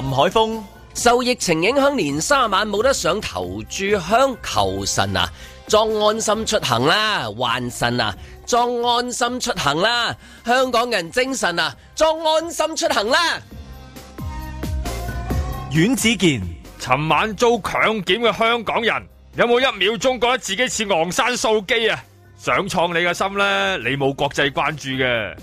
林海峰受疫情影響，連三晚冇得上頭炷香求神啊，裝安心出行啦；還神啊，裝安心出行啦；香港人精神啊，裝安心出行啦。阮子健，尋晚遭強檢嘅香港人，有冇一秒鐘覺得自己似昂山素姬啊？想創你嘅心呢？你冇國際關注嘅。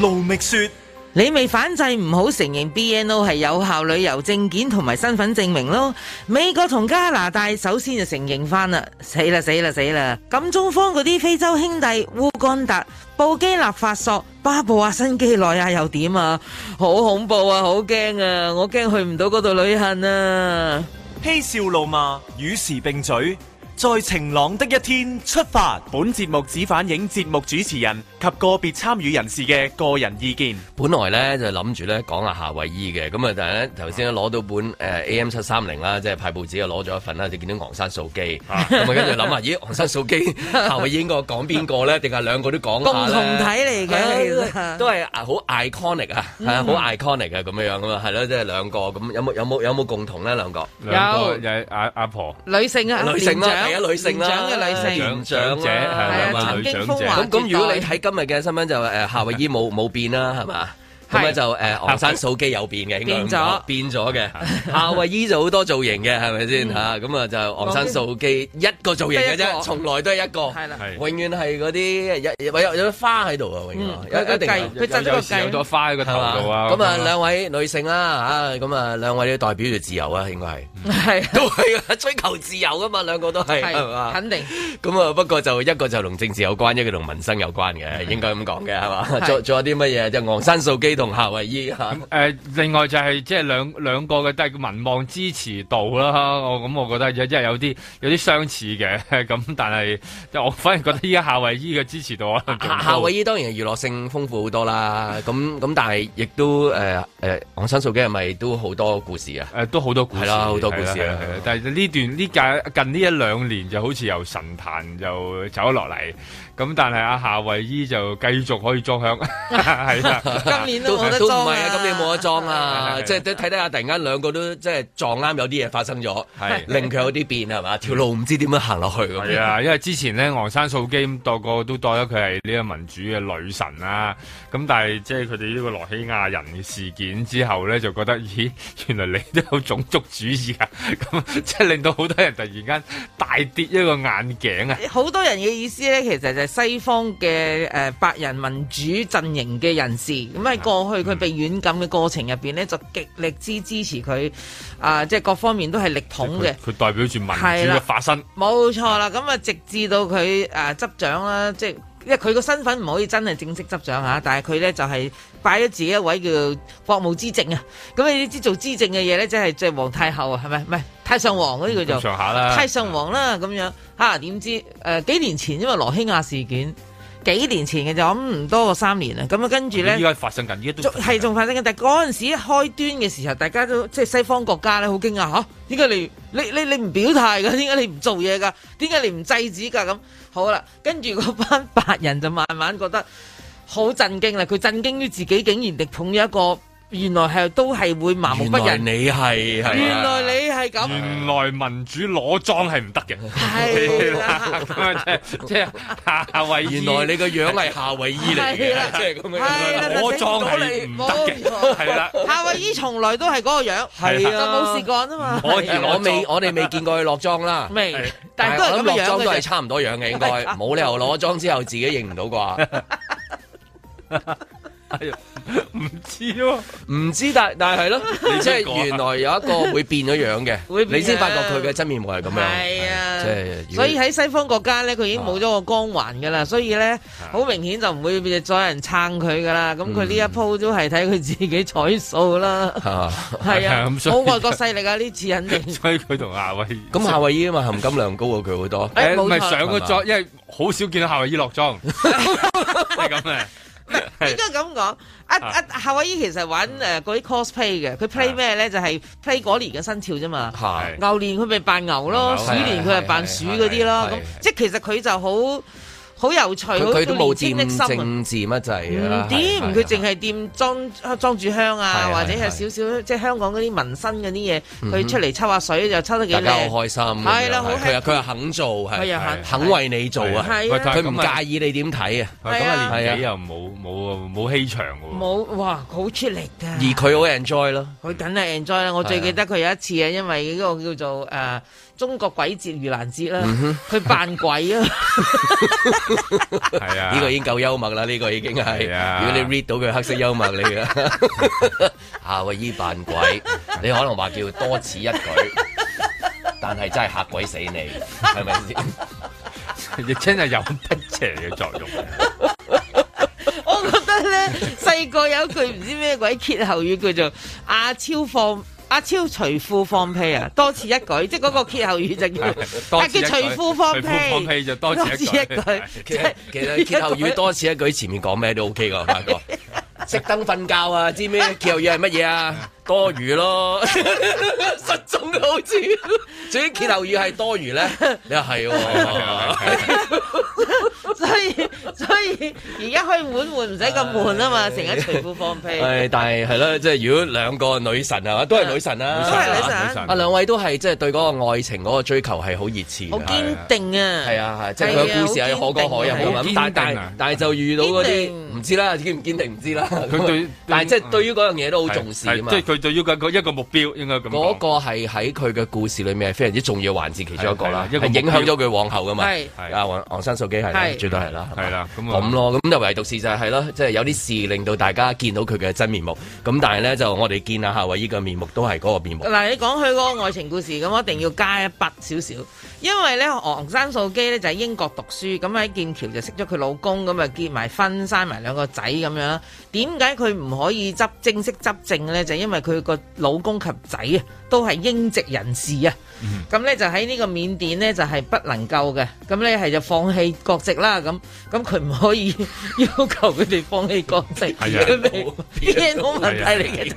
盧覓雪。你未反製唔好承認 BNO 係有效旅遊證件同埋身份證明咯。美國同加拿大首先就承認返啦，死啦死啦死啦！咁中方嗰啲非洲兄弟、烏干達、布基納法索、巴布亞新幾內亞又點啊？好恐怖啊！好驚啊！我驚去唔到嗰度旅行啊！嬉笑怒罵，與時並嘴。在晴朗的一天出發。本節目只反映節目主持人及個別參與人士嘅個人意見。本來咧就諗住咧講下夏威夷嘅，咁啊但係咧頭先攞到本誒、呃、AM 七三零啦，即係派報紙又攞咗一份啦，就見到昂山素姬，咁啊跟住諗下咦昂山素姬 夏威夷應該講邊個咧？定係兩個都講下共同體嚟嘅，都係好 iconic 啊，係啊好 iconic 啊，咁、嗯、樣樣啊，係咯，即係兩個咁有冇有冇有冇共同咧兩個？有有阿阿婆女性啊，女性啦、啊。係啊，女性啦，長者，長者係啦嘛，長者。咁咁、啊，啊、如果你睇今日嘅新聞就，就誒夏威夷冇冇變啦，係嘛是？咁咧就誒，昂山素姬有變嘅，變咗變咗嘅。夏維依就好多造型嘅，係咪先嚇？咁啊就昂山素姬一個造型嘅啫，從來都係一個，係啦，永遠係嗰啲有有有朵花喺度嘅，永遠一一定有時有朵花喺個頭度啊！咁啊，兩位女性啦嚇，咁啊兩位都代表住自由啊，應該係係都係追求自由㗎嘛，兩個都係係啊，肯定。咁啊，不過就一個就同政治有關，一個同民生有關嘅，應該咁講嘅係嘛？仲仲有啲乜嘢？即昂山素姬同。同夏蕙姨嚇，誒另外就係即係兩兩個嘅都係民望支持度啦，我咁我覺得即係有啲有啲相似嘅，咁但係即係我反而覺得依家夏蕙姨嘅支持度可能夏夏蕙姨當然娛樂性豐富好多啦，咁咁但係亦都誒誒《黃山數機》係咪都好多故事啊？誒都好多故事啦，好多故事啊！但係呢段呢屆近呢一兩年就好似由神壇就走咗落嚟，咁但係阿夏蕙姨就繼續可以作響，係今年。都唔係啊，啊！咁你冇得裝啊！啊啊即係睇睇下，突然間兩個都即係撞啱，有啲嘢發生咗，係令佢有啲變係嘛？條路唔知點樣行落去係啊！因為之前咧，昂山素姬咁多個都當咗佢係呢個民主嘅女神啦，啊。咁但係即係佢哋呢個羅希亞人事件之後咧，就覺得咦，原來你都有種族主義啊！咁即係令到好多人突然間大跌一個眼鏡啊！好多人嘅意思咧，其實就係西方嘅誒白人民主陣營嘅人士咁過去佢被軟禁嘅過程入邊咧，嗯、就極力之支持佢，啊、呃，即係各方面都係力捧嘅。佢代表住民主嘅化身，冇的錯啦。咁啊的，直至到佢誒執掌啦，即係因為佢個身份唔可以真係正式執掌吓，的但係佢咧就係、是、拜咗自己一位叫做國務資政啊。咁你知做資政嘅嘢咧，即係做皇太后啊，係咪？唔係太上皇嗰啲叫做。下啦。太上皇啦，咁樣吓？點、啊、知誒、呃？幾年前因為羅興亞事件。幾年前嘅就，咁諗唔多過三年啦。咁啊，跟住咧，依家發生緊，依家都係仲發生緊。但係嗰陣時一開端嘅時候，大家都即係西方國家咧、啊，好驚訝。點解你你你你唔表態㗎？點解你唔做嘢㗎？點解你唔制止㗎？咁好啦，跟住嗰班白人就慢慢覺得好震驚啦。佢震驚於自己竟然敵碰咗一個。原來係都係會麻木不仁，你係，原來你係咁，原來民主攞妝係唔得嘅，係即係夏夏威夷原來你個樣係夏威夷嚟嘅，即係咁攞妝係唔得嘅，係啦，夏威夷從來都係嗰個樣，係啊，冇試過啊嘛，我我未我哋未見過佢落妝啦，未，但係都係咁嘅樣，都係差唔多樣嘅，應該冇理由攞妝之後自己認唔到啩。唔知喎，唔知，但但係係咯，即係原來有一個會變咗樣嘅，你先發覺佢嘅真面目係咁樣。係啊，即係所以喺西方國家咧，佢已經冇咗個光環噶啦，所以咧好明顯就唔會再有人撐佢噶啦。咁佢呢一鋪都係睇佢自己彩數啦。係啊，冇外國勢力啊，呢次肯定。所以佢同夏威夷，咁夏威夷啊嘛，含金量高過佢好多。誒，冇錯，唔係上個妝，因為好少見到夏威夷落妝，係咁嘅。 應該咁講，阿阿是、啊、夏威夷其實玩誒嗰啲 cosplay 嘅，佢是、呃、play 咩咧？呢是就係 play 嗰年嘅生肖啫嘛。係是牛年佢咪扮牛咯，牛牛鼠年佢係扮鼠嗰啲咯。咁那即係其實佢就好。好有趣，佢都冇掂啲政治乜滯。唔掂，佢淨係掂裝裝住香啊，或者係少少即係香港嗰啲民生嗰啲嘢，佢出嚟抽下水就抽得幾靚。大家好開心。係啦，好係啊，佢又肯做，佢又肯肯為你做啊，佢唔介意你點睇啊。佢咁啊，年紀又冇冇冇氣場喎。冇哇，好出力㗎。而佢好 enjoy 咯，佢梗係 enjoy 啦。我最記得佢有一次啊，因為呢個叫做誒.中國鬼節遇難節啦、啊，佢、嗯、哼扮鬼啊！係 啊，呢個已經夠幽默啦，呢、這個已經係。啊、如果你 read 到佢黑色幽默你嘅，夏喂，依扮鬼， 你可能話叫多此一舉， 但係真係吓鬼死你，係咪先？一真就有辟邪嘅作用。 我覺得咧，細個 有一句唔知咩鬼歇後語叫做阿、啊、超放。阿超除褲放屁啊！多此一舉，即係嗰個歇後語就叫， 多但叫除褲放屁，隨放屁多此一舉。其實其實，歇後語多此一舉，前面講咩都 OK 噶，大哥。 熄燈瞓覺啊，知咩歇後語係乜嘢啊？ 多餘咯，失蹤都好似，總結後語係多餘咧，你話係，所以所以而家可以換換唔使咁悶啊嘛，成日除褲放屁。係，但係係咯，即係如果兩個女神啊，都係女神啊，都係女神，啊兩位都係即係對嗰個愛情嗰個追求係好熱切，好堅定啊，係啊係，即係佢嘅故事係可歌可泣，但但但係就遇到嗰啲唔知啦，堅唔堅定唔知啦。佢對，但係即係對於嗰樣嘢都好重視啊嘛。佢就要嘅一個目標應該咁，嗰個係喺佢嘅故事裏面係非常之重要環節其中一個啦，係影響咗佢往後噶嘛。係是，昂山素姬係，是最多係啦，係啦、嗯，咁吧、那個、咯，咁又唯獨事就係、是、咯，即係有啲事令到大家見到佢嘅真面目。咁但係咧就我哋見下夏蕙姨嘅面目都係嗰個面目。嗱，你講佢個愛情故事咁，我一定要加一筆少少。因為咧，昂山素姬咧就喺英國讀書，咁喺劍橋就識咗佢老公，咁啊結埋婚，生埋兩個仔咁樣。點解佢唔可以執正式執政呢？就是、因為佢個老公及仔啊。都係英籍人士啊，咁咧就喺呢個緬甸咧就係不能夠嘅，咁咧係就放棄國籍啦，咁咁佢唔可以要求佢哋放棄國籍，係啊，冇問題嚟嘅。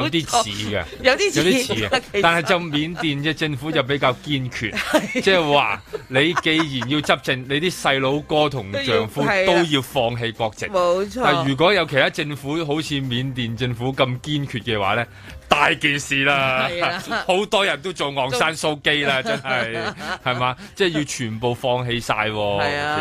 有啲似嘅，有啲似，有啲似，但係就緬甸嘅政府就比較堅決，即係話你既然要執政，你啲細佬哥同丈夫都要放棄國籍，冇錯。但如果有其他政府好似緬甸政府咁堅決嘅話咧？大件事啦，好的多人都做昂山素姬啦，真係，係嘛， 即係要全部放棄晒，的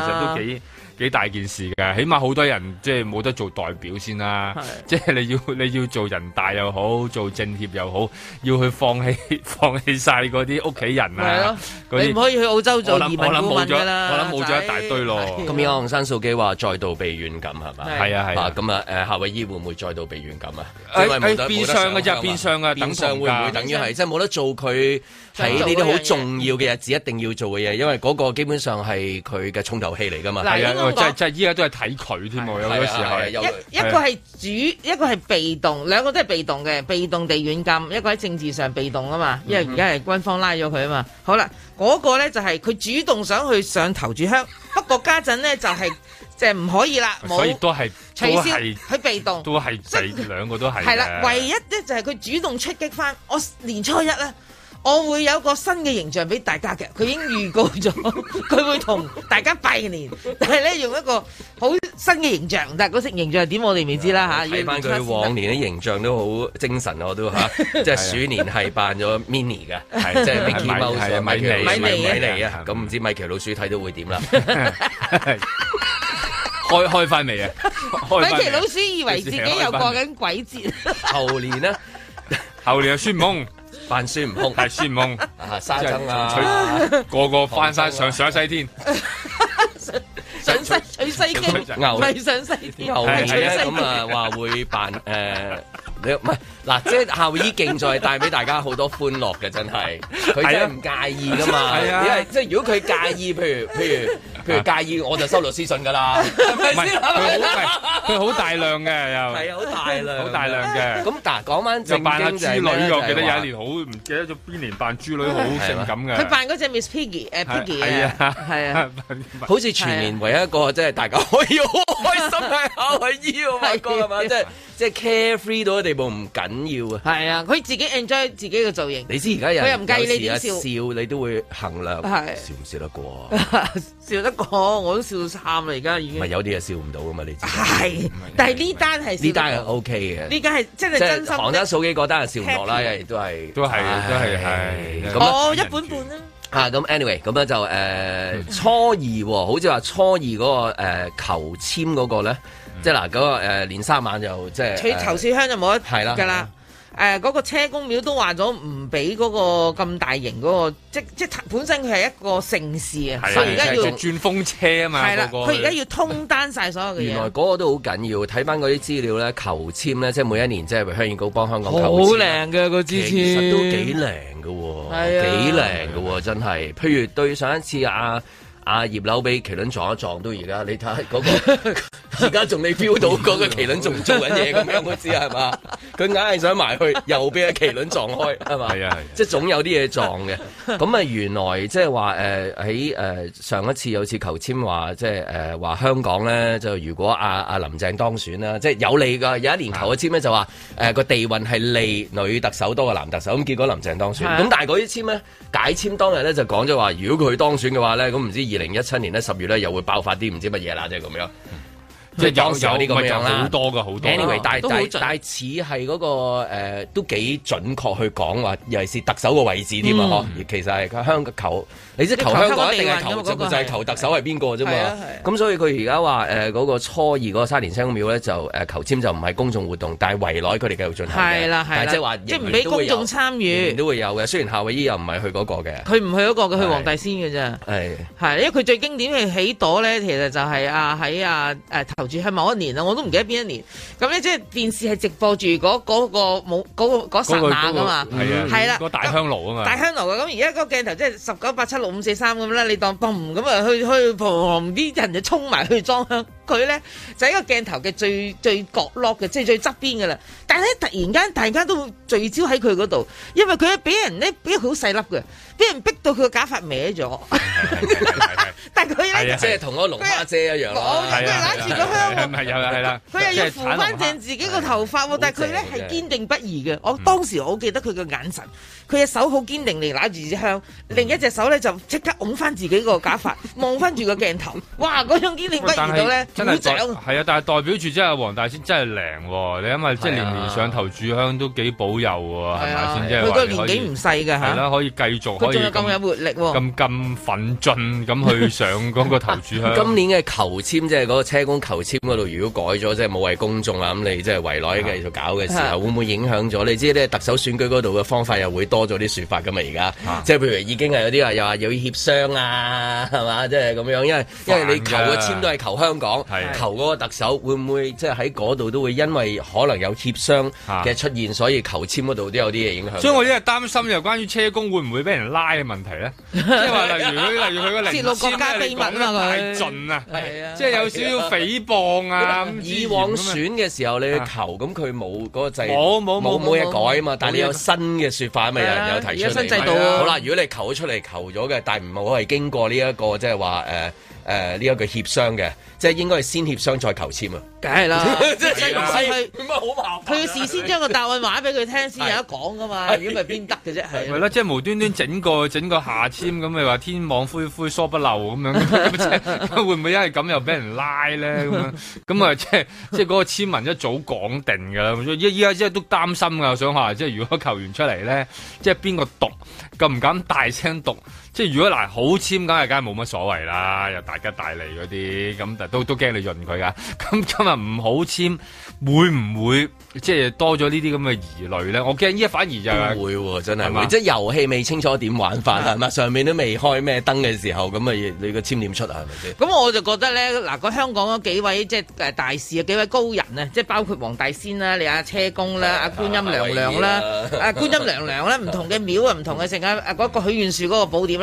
其實都幾。幾大件事嘅，起碼好多人即係冇得做代表先啦，即係你要你要做人大又好，做政協又好，要去放棄放棄曬嗰啲屋企人啊！係咯，你唔可以去澳洲做移民移民啦！我諗冇咗一大堆咯。咁樣黃生數記話再度被軟禁係嘛？係啊係啊。咁啊誒夏威夷會唔會再度被軟禁啊？係係變相嘅啫，變相嘅，等上會唔會等於係即係冇得做佢？睇呢啲好重要嘅日子一定要做嘅嘢，因為嗰個基本上係佢嘅重頭戲嚟噶嘛。係啊，即係即係依家都係睇佢添，有啲時候。一一個係主，一個係被動，兩個都係被動嘅，被動地軟禁，一個喺政治上被動啊嘛。因為而家係軍方拉咗佢啊嘛。好啦，嗰個咧就係佢主動想去上頭炷香，不過家陣咧就係即係唔可以啦，冇取消，佢被動，都係即係兩個都係。係啦，唯一咧就係佢主動出擊翻。我年初一啦。我會有個新嘅形象俾大家嘅，佢已經預告咗，佢會同大家拜年，但係咧用一個好新嘅形象，但嗰個形象係點我哋未知啦嚇。睇翻佢往年嘅形象都好精神，我都吓。即係鼠年係扮咗 mini 嘅，係即係米奇米奇，米奇，米奇啊！咁唔知米奇老鼠睇到會點啦？ 開開翻未啊？米奇老鼠以為自己又過緊鬼節，後 年呢？後年有孫悟空。扮孫悟空，係孫悟空，沙僧啊，個個翻山上上西天， 上，上西取 西天唔係上西天。牛咁啊，話會扮誒，你唔係嗱，即係夏威夷競賽，帶俾大家好多歡樂嘅，真係佢真係唔介意噶嘛。係啊，因為即係如果佢介意，譬如譬如。譬如介意，我就收律師信㗎啦。唔係佢好，佢好大量嘅，又係啊，好大量，好大量嘅。咁嗱，講返就正經，扮豬女我記得有一年，好唔記得咗邊年，扮豬女好性感嘅。佢扮嗰隻 Miss Piggy 誒 Piggy 係啊係啊，好似全年唯一一個即係大家可以好開心嘅，考去依個外嘛，即係。即係 carefree 到嘅地步唔緊要啊！係啊，佢自己 enjoy 自己嘅造型。你知而家又唔介意你點笑，你都會衡量。係笑唔笑得過？笑得過，我都笑到喊啦！而家已經。咪有啲嘢笑唔到噶嘛？你知。係。但係呢單係呢單係 OK 嘅。呢單係即係真心。房係行多數幾個單係笑唔落啦，因為都係。都係，都係，係。咁咧。哦，一本本啦。啊，咁 anyway，咁咧就誒初二，好似話初二嗰個誒求簽嗰個咧。即係、啊、嗱，嗰、那個、呃、年三晚就即係，取頭炷香就冇得㗎啦。誒、啊，嗰、啊呃那個車公廟都話咗唔俾嗰個咁大型嗰、那個，即即本身佢係一個盛事是啊，佢而家要轉風車啊嘛。係啦、啊，佢而家要通單晒所有嘅。原來嗰個都好緊要，睇翻嗰啲資料咧，求簽咧，即每一年即係為香港幫幫香港求簽。好靚嘅支簽都幾靚嘅，幾靚嘅真係。譬如對上一次阿、啊阿、啊、葉劉俾麒麟撞一撞到而家，你睇嗰、那個而家仲未 feel 到嗰個麒麟仲做緊嘢咁樣嗰知係嘛？佢硬係想埋去，又俾阿麒麟撞開係嘛？係啊 即係總有啲嘢撞嘅。咁啊原來即係話誒喺誒上一次有一次求籤話，即係誒話香港咧就如果阿、啊、阿、啊、林鄭當選啦，即係有利㗎。有一年求一籤咧就話誒個地運係利女特首多過男特首，咁結果林鄭當選。咁是、啊、但係嗰啲籤呢，解籤當日咧就講咗話，如果佢當選嘅話咧，咁唔知。二零一七年咧十月咧又會爆發啲唔知乜嘢啦，即係咁樣。即係有有呢咁樣啦，多噶好多。anyway，但係似係嗰個都幾準確去講話，尤其是特首個位置添啊。其實係佢香嘅求，你即係求香港一定係求，就係求特首係邊個啫嘛。咁所以佢而家話誒嗰個初二嗰個沙田車公廟咧，就誒求籤就唔係公眾活動，但係圍內佢哋繼續進行嘅。係啦，係，即係話即唔俾公眾參與，都會有嘅。雖然夏威夷又唔係去嗰個嘅，佢唔去嗰個嘅，去皇帝先嘅啫。係係，因為佢最經典嘅起朵咧，其實就係啊喺啊誒。住喺某一年我都唔記得邊一年。咁咧即係電視係直播住嗰嗰個冇嗰，那個剎那噶嘛，係啦，個大香爐啊嘛，大香爐啊。咁而家個鏡頭即係十九八七六五四三咁啦，你當嘣咁啊去去旁啲人就衝埋去裝香，佢咧就係一個鏡頭嘅最最角落嘅，即係最側邊噶啦。但係突然間大家都聚焦喺佢嗰度，因為佢俾人咧俾佢好細粒嘅。畀人逼到佢個假髮歪咗，但係佢即係同嗰個龍家姐一樣咯，係啊，攬住個香唔係啦，係喇。佢又要扶翻、啊、正自己個頭髮但佢呢係堅定不移嘅。我當時我好記得佢個眼神，佢隻手好堅定嚟攬住支香，另一隻手呢就即刻擁返自己個假髮，望返住個鏡頭，哇，哇！嗰種堅定不移到呢？好強。係啊，但係代表住即係黃大仙真係靚喎，你因為即係年年上頭主香都幾保佑喎，係咪先？即係佢個年紀唔細㗎係啦，可以繼續。仲有咁有活力、啊，咁咁奮進，咁去上嗰個頭柱。 今年嘅求簽即係嗰個車公求簽嗰度，如果改咗即係冇為公眾啊，咁你即係圍內繼續搞嘅時候，的會唔會影響咗？你知呢特首選舉嗰度嘅方法又會多咗啲說法噶嘛？而家的即係譬如已經係有啲話又話有協商啊，係嘛？即係咁樣，因為因為你求個簽都係求香港，的求嗰個特首，會唔會即係喺嗰度都會因為可能有協商嘅出現，所以求簽嗰度都有啲嘢影響。所以我依家擔心又關於車公會唔會俾人拉嘅問題咧，即係話例如佢，例如佢個洩露國家機密太盡啊，即係有少少誹謗啊。以往選嘅時候你去求，咁佢冇嗰個制度冇冇冇嘢改啊嘛，但係你有新嘅説法咪有人有提出新制度。好啦，如果你求咗出嚟求咗嘅，但係唔好係經過呢一個即係話誒。誒呢一個協商嘅，即係應該係先協商再求籤啊， 啊！梗係啦，即係唔係好麻煩啊。佢要事先將個答案話俾佢聽先，有得講噶嘛？如果唔係邊得嘅啫？係咪啦？即係無端端整個整個下籤咁，咪話天網恢恢疏不漏咁 樣。會唔會因為咁又俾人拉咧？咁樣咁啊！即係即係嗰個籤文一早講定㗎啦。依依家即係都擔心㗎，我想話，即係如果球員出嚟咧，即係邊個讀？咁唔敢大聲讀。即係如果嗱好籤，梗係梗係冇乜所謂啦，又大吉大利嗰啲，咁但都都驚你潤佢噶。咁今日唔好籤，會唔會即係多咗呢啲咁嘅疑慮咧？我驚依家反而又、就係、會喎、哦，真係即係遊戲未清楚點玩法，係咪 上面都未開咩燈嘅時候，咁啊你個籤點出啊？係咪先？咁我就覺得咧，嗱個香港嗰幾位即係誒大師啊，幾位高人咧，即係包括黃大仙啦、你阿車公啦、阿、啊啊、觀音娘娘啦、阿的、啊、觀音娘娘啦，唔 同嘅廟啊，唔同嘅成啊，嗰、那個許願樹嗰個寶典。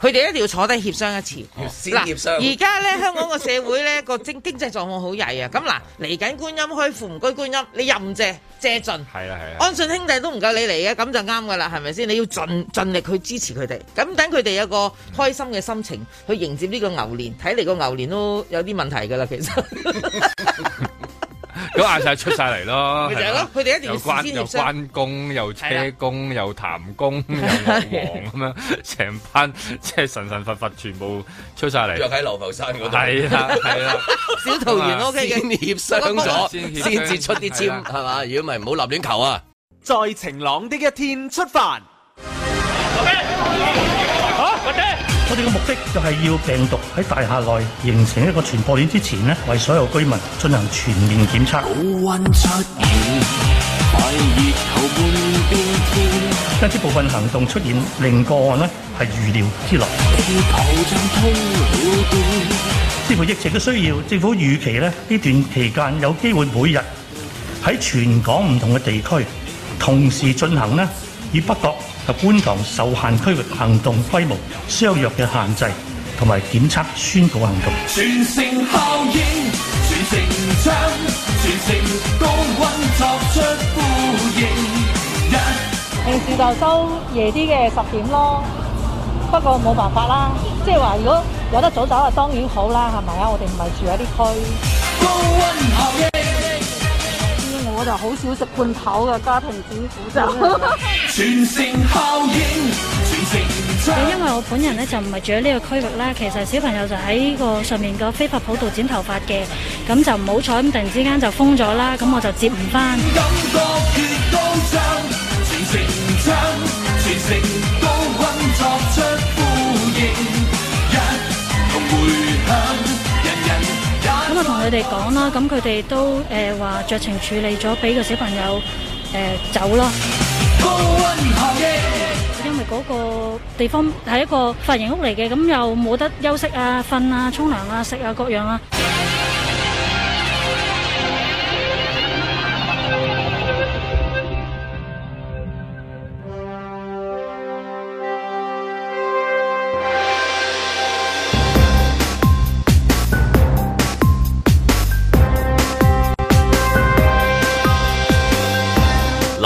佢哋一定要坐低協商一次，嗱、哦，而家咧香港個社會咧 個經經濟狀況好曳啊！咁嗱，嚟緊觀音開庫唔拘觀音，你任借借盡，係啦係啦，安信兄弟都唔夠你嚟呀，咁就啱噶啦，係咪先？你要盡盡力去支持佢哋，咁等佢哋有個開心嘅心情去迎接呢個牛年。睇嚟個牛年都有啲問題噶啦，其實。 咁嗌晒出晒嚟咯，咪就係咯，佢哋一定要先想又關又關公、又車公、又譚公、又卧王咁樣，成班即係神神佛佛全部出晒嚟，坐喺羅浮山嗰度，係啦，係啦，小桃園屋企嘅協商咗，先至出啲籤，係嘛？如果唔係唔好立亂求啊！在晴朗的一天出發。我哋嘅目的就係要病毒喺大廈內形成一個傳播鏈之前咧，為所有居民進行全面檢測。因此部分行動出現，令個案咧係預料之內。似乎疫情嘅需要，政府預期咧呢這段期間有機會每日喺全港唔同嘅地區同時進行咧，以北角。觀塘受限區域行動規模相若嘅限制，同埋檢測宣告行動。全城效應，全城搶，全城高溫作出呼應。平時就收夜啲嘅十點咯，不過冇辦法啦。即係話，如果有得早走啊，當然好啦，係咪啊？我哋唔係住喺啲區。高溫效應。我就好少食罐頭嘅家庭主婦就。全城效應，全城唱。咁因為我本人咧就唔係住喺呢個區域啦，其實小朋友就喺呢個上面個飛髮鋪度剪頭髮嘅，咁就唔好彩咁突然之間就封咗啦，咁我就接唔翻。全城高我同佢哋講啦，咁佢哋都誒話，酌情處理咗，俾個小朋友誒走咯。因為嗰個地方係一個髮型屋嚟嘅，咁又冇得休息啊、瞓啊、沖涼啊、食啊各樣啊。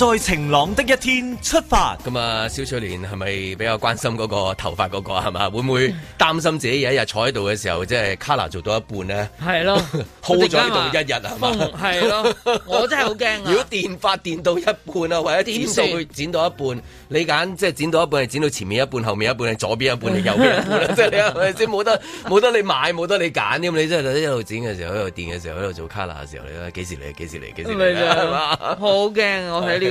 在晴朗的一天出發。咁啊，蕭翠蓮係咪比較關心嗰個頭髮嗰、嗰個係嘛？會唔會擔心自己有一日坐喺度嘅時候，即係 color 做到一半呢？係咯，hold 咗呢度一日係嘛？係咯，嗯、的 我真係好驚啊！如果電髮電到一半啊，或者剪碎剪到一半，你揀即係剪到一半，係剪到前面一半、後面一半，係左邊一半定右邊一半即係你係咪先？冇 得冇得你買，冇得你揀。咁你真係喺度剪嘅時候，喺度電嘅時候，喺度做 color 嘅時候你啦。幾時嚟？幾時嚟？幾時嚟？係嘛？好驚！我睇了。個新聞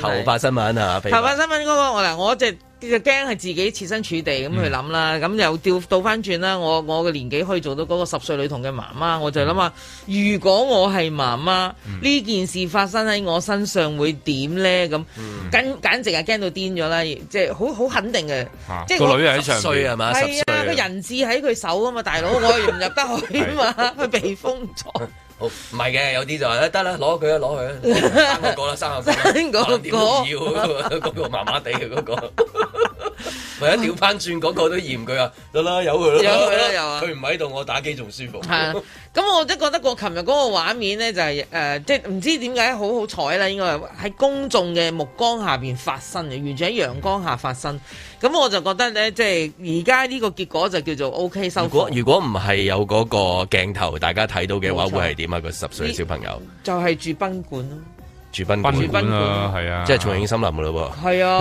頭版新聞啊！頭版新聞嗰個嗱，我就驚係自己設身處地咁去諗啦。咁又調倒翻轉啦，我我嘅年紀可以做到嗰個十歲女童嘅媽媽，我就諗啊，如果我係媽媽，呢件事發生喺我身上會點咧？咁簡直係驚到癲咗啦！即係好好肯定嘅，即係個女喺場，十歲係嘛？係啊，個人質喺佢手啊嘛，大佬我唔入得去啊嘛，佢被封咗。唔係嘅，有啲就話誒得啦，攞佢啦，攞佢啦，生個個啦，生個個啦，嗰個點要？嗰、嗰個麻麻地嘅嗰個，萬一調翻轉，嗰個 都嫌佢啊，得啦，有佢啦，有佢啦，有啊，佢唔喺度，我打機仲舒服。係啊。咁我都覺得我琴日嗰個畫面呢，就係呃，即係唔知點解好好彩啦，應該喺公眾嘅目光下面發生嘅，完全喺陽光下發生。咁、嗯、我就覺得呢，即係而家呢個結果就叫做 OK 收科。如果唔係有嗰個鏡頭，大家睇到嘅話，冇錯，會係點啊？個十歲小朋友就係住賓館咯。住賓館啊，係啊，即係重慶森林嘅咯喎。係啊，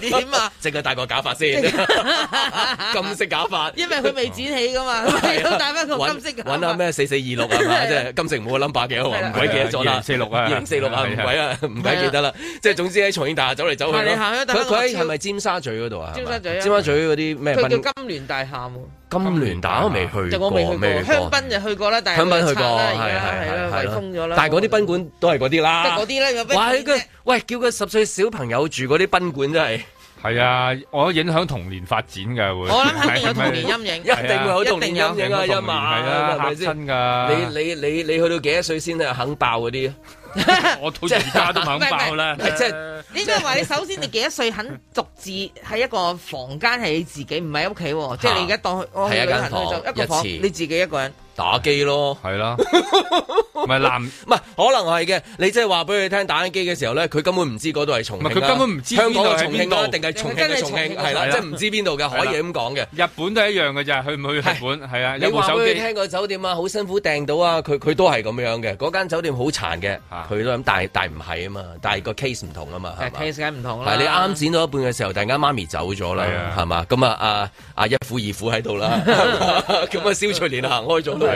點啊？淨係戴個假髮先，金色假髮，因為佢未剪起噶嘛。戴翻個金色嘅。揾下咩四四二六啊？即係金城冇個 number 幾好，唔鬼記得咗啦，四六啊，二零四六啊，唔鬼啊，唔鬼記得啦。即係總之喺重慶大走嚟走去。佢佢喺係咪尖沙咀嗰度啊？尖沙咀，尖沙咀嗰啲咩？金聯大廈喎。金聯打我未去，就我未去過。香檳就去過啦，但係香檳去過啦，而家係啦，係啦，封咗啦。但係嗰啲賓館都係嗰啲啦。即係嗰啲咧，如果喂叫個十歲小朋友住嗰啲賓館真係，係啊，我影響童年發展㗎會。我諗肯定有童年陰影，一定會有童年陰影啊！一晚係啊，係咪先㗎？你你你你去到幾多歲先係肯爆嗰啲？ 我到而家都肯爆咧， 即係呢個話你首先你幾多歲肯獨自喺一個房間係你自己，唔喺屋企， 即係你而家當係一間房，一，個房一次你自己一個人打機咯，係啦。 唔係男唔係可能係嘅。你即係話俾佢聽打印機嘅時候咧，佢根本唔知嗰度係重慶。佢根本唔知香港係重定係重慶，重慶係啦，即係唔知邊度嘅，可以咁講嘅。日本都係一樣嘅咋，去唔去日本係啊？你話俾佢聽個酒店啊，好辛苦訂到啊，佢佢都係咁樣嘅。嗰間酒店好殘嘅，佢都咁，但係但唔係啊嘛，但係個 case 唔同啊嘛，case 梗係唔同。你啱剪到一半嘅時候，突然間媽咪走咗啦，係嘛？咁啊啊一夫二婦喺度啦，咁啊肖翠蓮行開咗啦，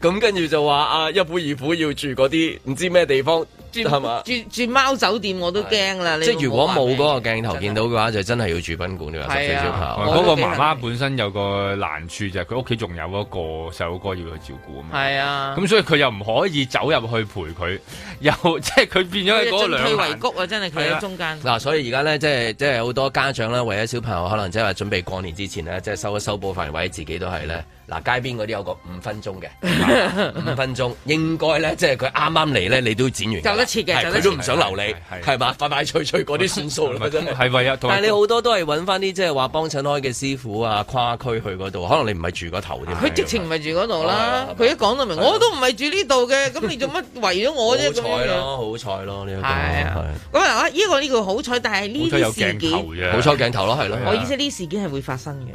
咁跟住就話啊一夫二。父母要住嗰啲唔知咩地方，住住住貓酒店我都驚啦！即係的如果冇嗰個鏡頭見到嘅話，真的就真係要住賓館嘅話，十四的小朋友嗰個媽媽的本身有個難處就係佢屋企仲有一個細佬哥要去照顧啊嘛。係啊的，咁所以佢又唔可以走入去陪佢，又即係佢變咗係嗰個進退維谷啊！真係佢喺中間嗱，的所以而家咧即係即係好多家長咧為咗小朋友，可能即係話準備過年之前咧，即係收一收部分或者自己都係咧。嗱街邊嗰啲有個五分鐘嘅，五分鐘應該咧，即係佢啱啱嚟咧，你都剪完走得切嘅，你都唔想留你，係嘛？快快脆脆嗰啲算數啦，係咪啊？但係你好多都係揾翻啲即係話幫襯開嘅師傅啊，跨區去嗰度，可能你唔係住個頭。佢直情唔係住嗰度啦，佢一講到明，我都唔係住呢度嘅，咁你做乜圍咗我啫？好彩咯，好彩咯，呢個係啊。咁啊，呢個呢個好彩，但係呢啲事件，冇錯鏡頭咯，係咯。我意思呢啲事件係會發生嘅。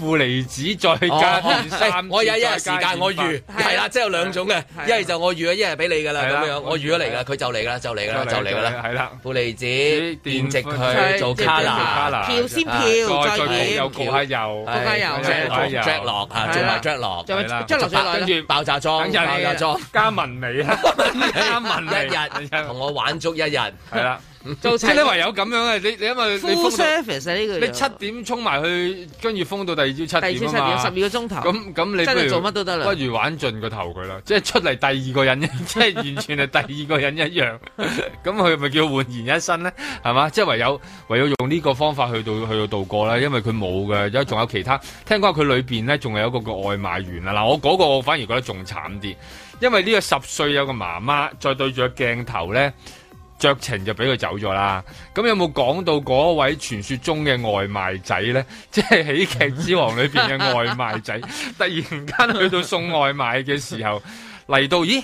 負離子再加，我有一日時間我預，係啦，即係有兩種嘅，一係就我預咗，一係俾你㗎啦，咁樣我預咗嚟㗎，佢就嚟㗎啦，就嚟㗎啦，就嚟㗎啦，係啦，負離子電極佢做卡拿，跳先跳再跳，跳下油，跳下油，再落 k 做埋落，做埋落，跟住爆炸裝，爆炸裝，加文尾，加文一日，同我玩足一日，係啦。即係 你唯有咁樣嘅，你你因為你七點衝埋去，跟住封到第二朝七,七點。第二朝七點有十二個鐘頭。咁咁你真係做乜都得啦，不如玩盡個頭佢啦。即係出嚟第二個人， 即係完全係第二個人一樣。咁佢咪叫煥然一新咧？係嘛？即係唯有唯有用呢個方法去到去到度過啦。因為佢冇嘅，仲有其他。 聽講佢裏邊咧，仲係有個個外賣員啊！嗱，我嗰個我反而覺得仲慘啲，因為呢個十歲有個媽媽再對住個鏡頭咧。酌情就俾佢走咗啦，咁有冇講到嗰位傳說中嘅外賣仔呢？即係喜劇之王裏邊嘅外賣仔，突然間去到送外賣嘅時候嚟到，咦？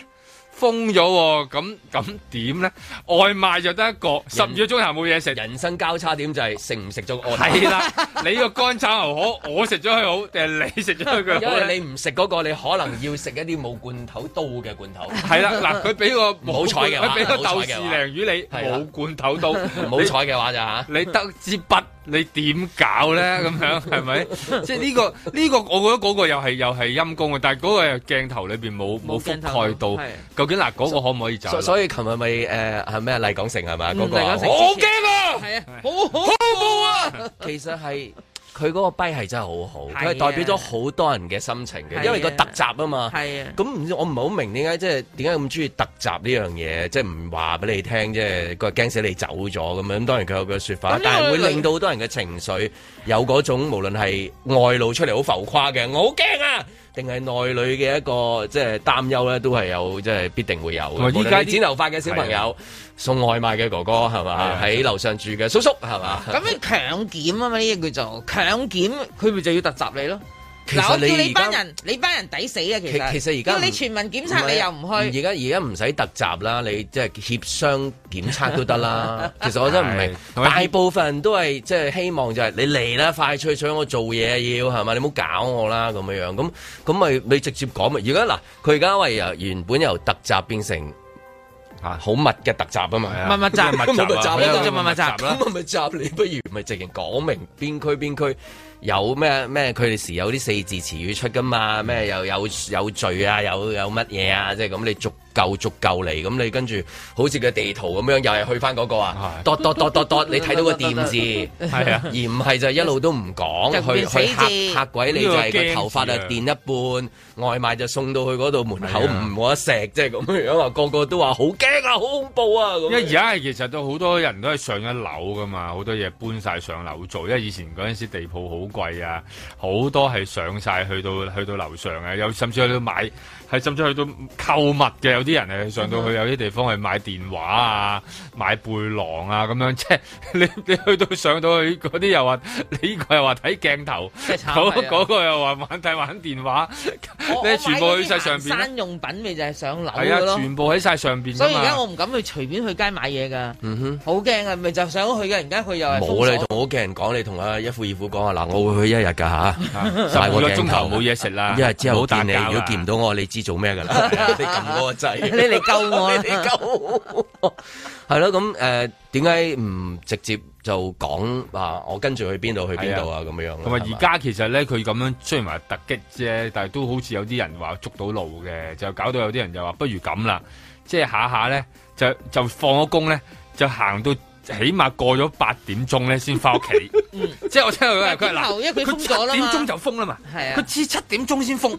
封咗、哦，咁咁點咧？外賣就得一個，人十二個鐘頭冇嘢食。人生交叉點就係食唔食咗我。係啦，你個乾炒牛河，我食咗佢好，定係你食咗佢好？因為你唔食嗰個，你可能要食一啲冇罐頭刀嘅罐頭。係啦，嗱，佢俾個好彩嘅話，俾個豆豉鯪魚你冇的罐頭刀，冇彩嘅話就嚇，你，你得支筆。你點搞咧？咁樣係咪？ 即係、呢個、呢個呢、呢個，我覺得嗰個又係又係陰功嘅。但係嗰個鏡頭裏面冇冇、啊、覆蓋到，的究竟嗱嗰、嗰個可唔可以走？所以琴日咪誒係咩？麗港城係嘛，嗰個麗港城我好驚啊！係啊的，好好恐怖啊！ 其實係。佢嗰個跛係真係好好，佢係代表咗好多人嘅心情嘅，是啊、因為個特集啊嘛，咁唔知我唔係好明點解即係點解咁中意特集呢樣嘢，即係唔話俾你聽，即係佢驚死你走咗咁樣，當然佢有個說法，樣啊、但係會令到好多人嘅情緒有嗰種無論係外露出嚟好浮誇嘅，我好驚啊！定係內裏嘅一個即係擔憂咧，都係有即係必定會有。而家剪頭髮嘅小朋友，的送外賣嘅哥哥係嘛？喺的樓上住嘅叔叔係嘛？咁樣 強檢啊嘛，呢嘢叫做強檢，佢咪就要突襲你咯？嗱，我叫你班人，你班人抵死啊！其實，其其實而家叫你全民檢測，是你又唔去。而家而家唔使突襲啦，你即係、就是、協商檢測都得啦。 其實我真唔明， 大部分都係即係希望就係、是、你嚟啦，快脆上我做嘢要係咪？你唔好搞我啦咁樣樣。咁咁咪你直接講咪？而家嗱，佢而家為由原本由突襲變成。嚇，好 密嘅特集啊嘛，密密集，密密集，咁就密密集啦。咁集，集你不如咪直情講明邊區邊區有咩咩，佢哋時有啲四字詞語出㗎嘛，咩又有有，有罪啊，有有乜嘢啊，即係咁你逐。夠足夠嚟，咁你跟住好似個地圖咁樣，又係去翻、那、嗰個啊？剁的你睇到個電視，係啊的，而唔係就係一路都唔講去去吓吓的鬼你、就係，就係個頭髮就電一半，的外賣就送到去嗰度門口，唔冇得食，即係咁樣啊！個個都話好驚啊，好恐怖啊！因為而家係其實都好多人都係上一樓噶嘛，好多嘢搬晒上樓做，因為以前嗰陣時地鋪好貴啊，好多係上晒去到去到樓上啊，有甚至去到買。係甚至去到購物嘅，有啲人係上到去，有啲地方係買電話啊、買背囊啊咁樣。即係你你去到上到去嗰啲又話，你呢個又話睇鏡頭，嗰的個又話玩睇玩電話。的你全部去晒上邊用品咪就係上樓係啊，全部喺曬上邊。所以而家我唔敢去隨便去街買嘢㗎。嗯哼，好驚啊！咪就上去嘅，而家佢又係冇啦。我同屋企人講，你同阿一父二父講啊，嗱，我會去一日㗎嚇，十、啊、五 個鐘頭冇嘢食啦，一日之後但你。如果見唔到我，你知道做咩噶啦？你撳我個掣，你嚟救我啦、啊！ 你救係咯咁誒？點解唔直接就講啊？我跟住去邊度？去邊度啊？咁樣樣同埋而家其實咧，佢咁樣雖然話突擊啫，但係都好似有啲人話捉到路嘅，就搞到有啲人就話不如咁啦，即係下下咧就就放咗工咧就行到。起碼過咗八點鐘咧、 嗯，先翻屋企。即係我聽佢佢話嗱，因為佢封咗啦，七點鐘就封啦嘛，係啊，佢知七點鐘先封。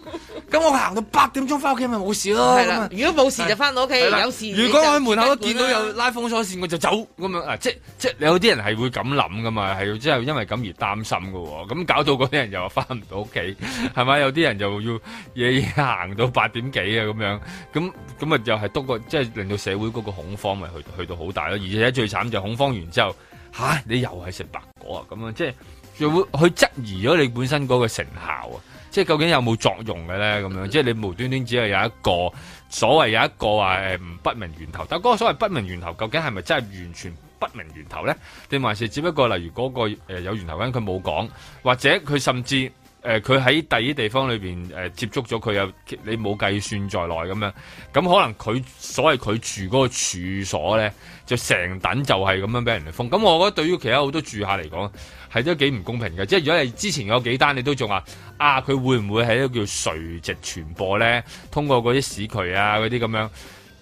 咁 我行到八點鐘翻屋企咪冇事咯。係啦、哦，啊、樣如果冇事就翻到屋企，啊、有事如果我喺門口都見到有拉封鎖線，我就走咁樣啊。即即你有啲人係會咁諗噶嘛，係要之後因為咁而擔心噶。咁搞到嗰啲人又翻唔到屋企，係咪？ 有啲人又要嘢行到八點幾啊咁樣，咁咁啊又係多個即係、就是、令到社會嗰個恐慌咪去去到好大咯。而且最慘就恐。講完之後，吓你又係食白果啊？咁樣，即係就會去質疑咗你本身嗰個成效啊！即係究竟有冇作用嘅咧？咁樣即係你無端端只係有一個所謂有一個話誒，不明源頭。但係嗰個所謂不明源頭，究竟係咪真係完全不明源頭咧？定還是只不過例如嗰個誒有源頭嘅人佢冇講，或者佢甚至？誒佢喺第二地方裏邊，誒接觸咗，佢又你冇計算在內，咁樣，咁可能佢所謂佢住嗰個處所咧，就成等就係咁樣俾人哋封。咁我覺得對於其他好多住客嚟講，係都幾唔公平嘅。即係如果係之前有幾單，你都仲話啊，佢會唔會係一個叫垂直傳播咧？通過嗰啲市渠啊，嗰啲咁樣。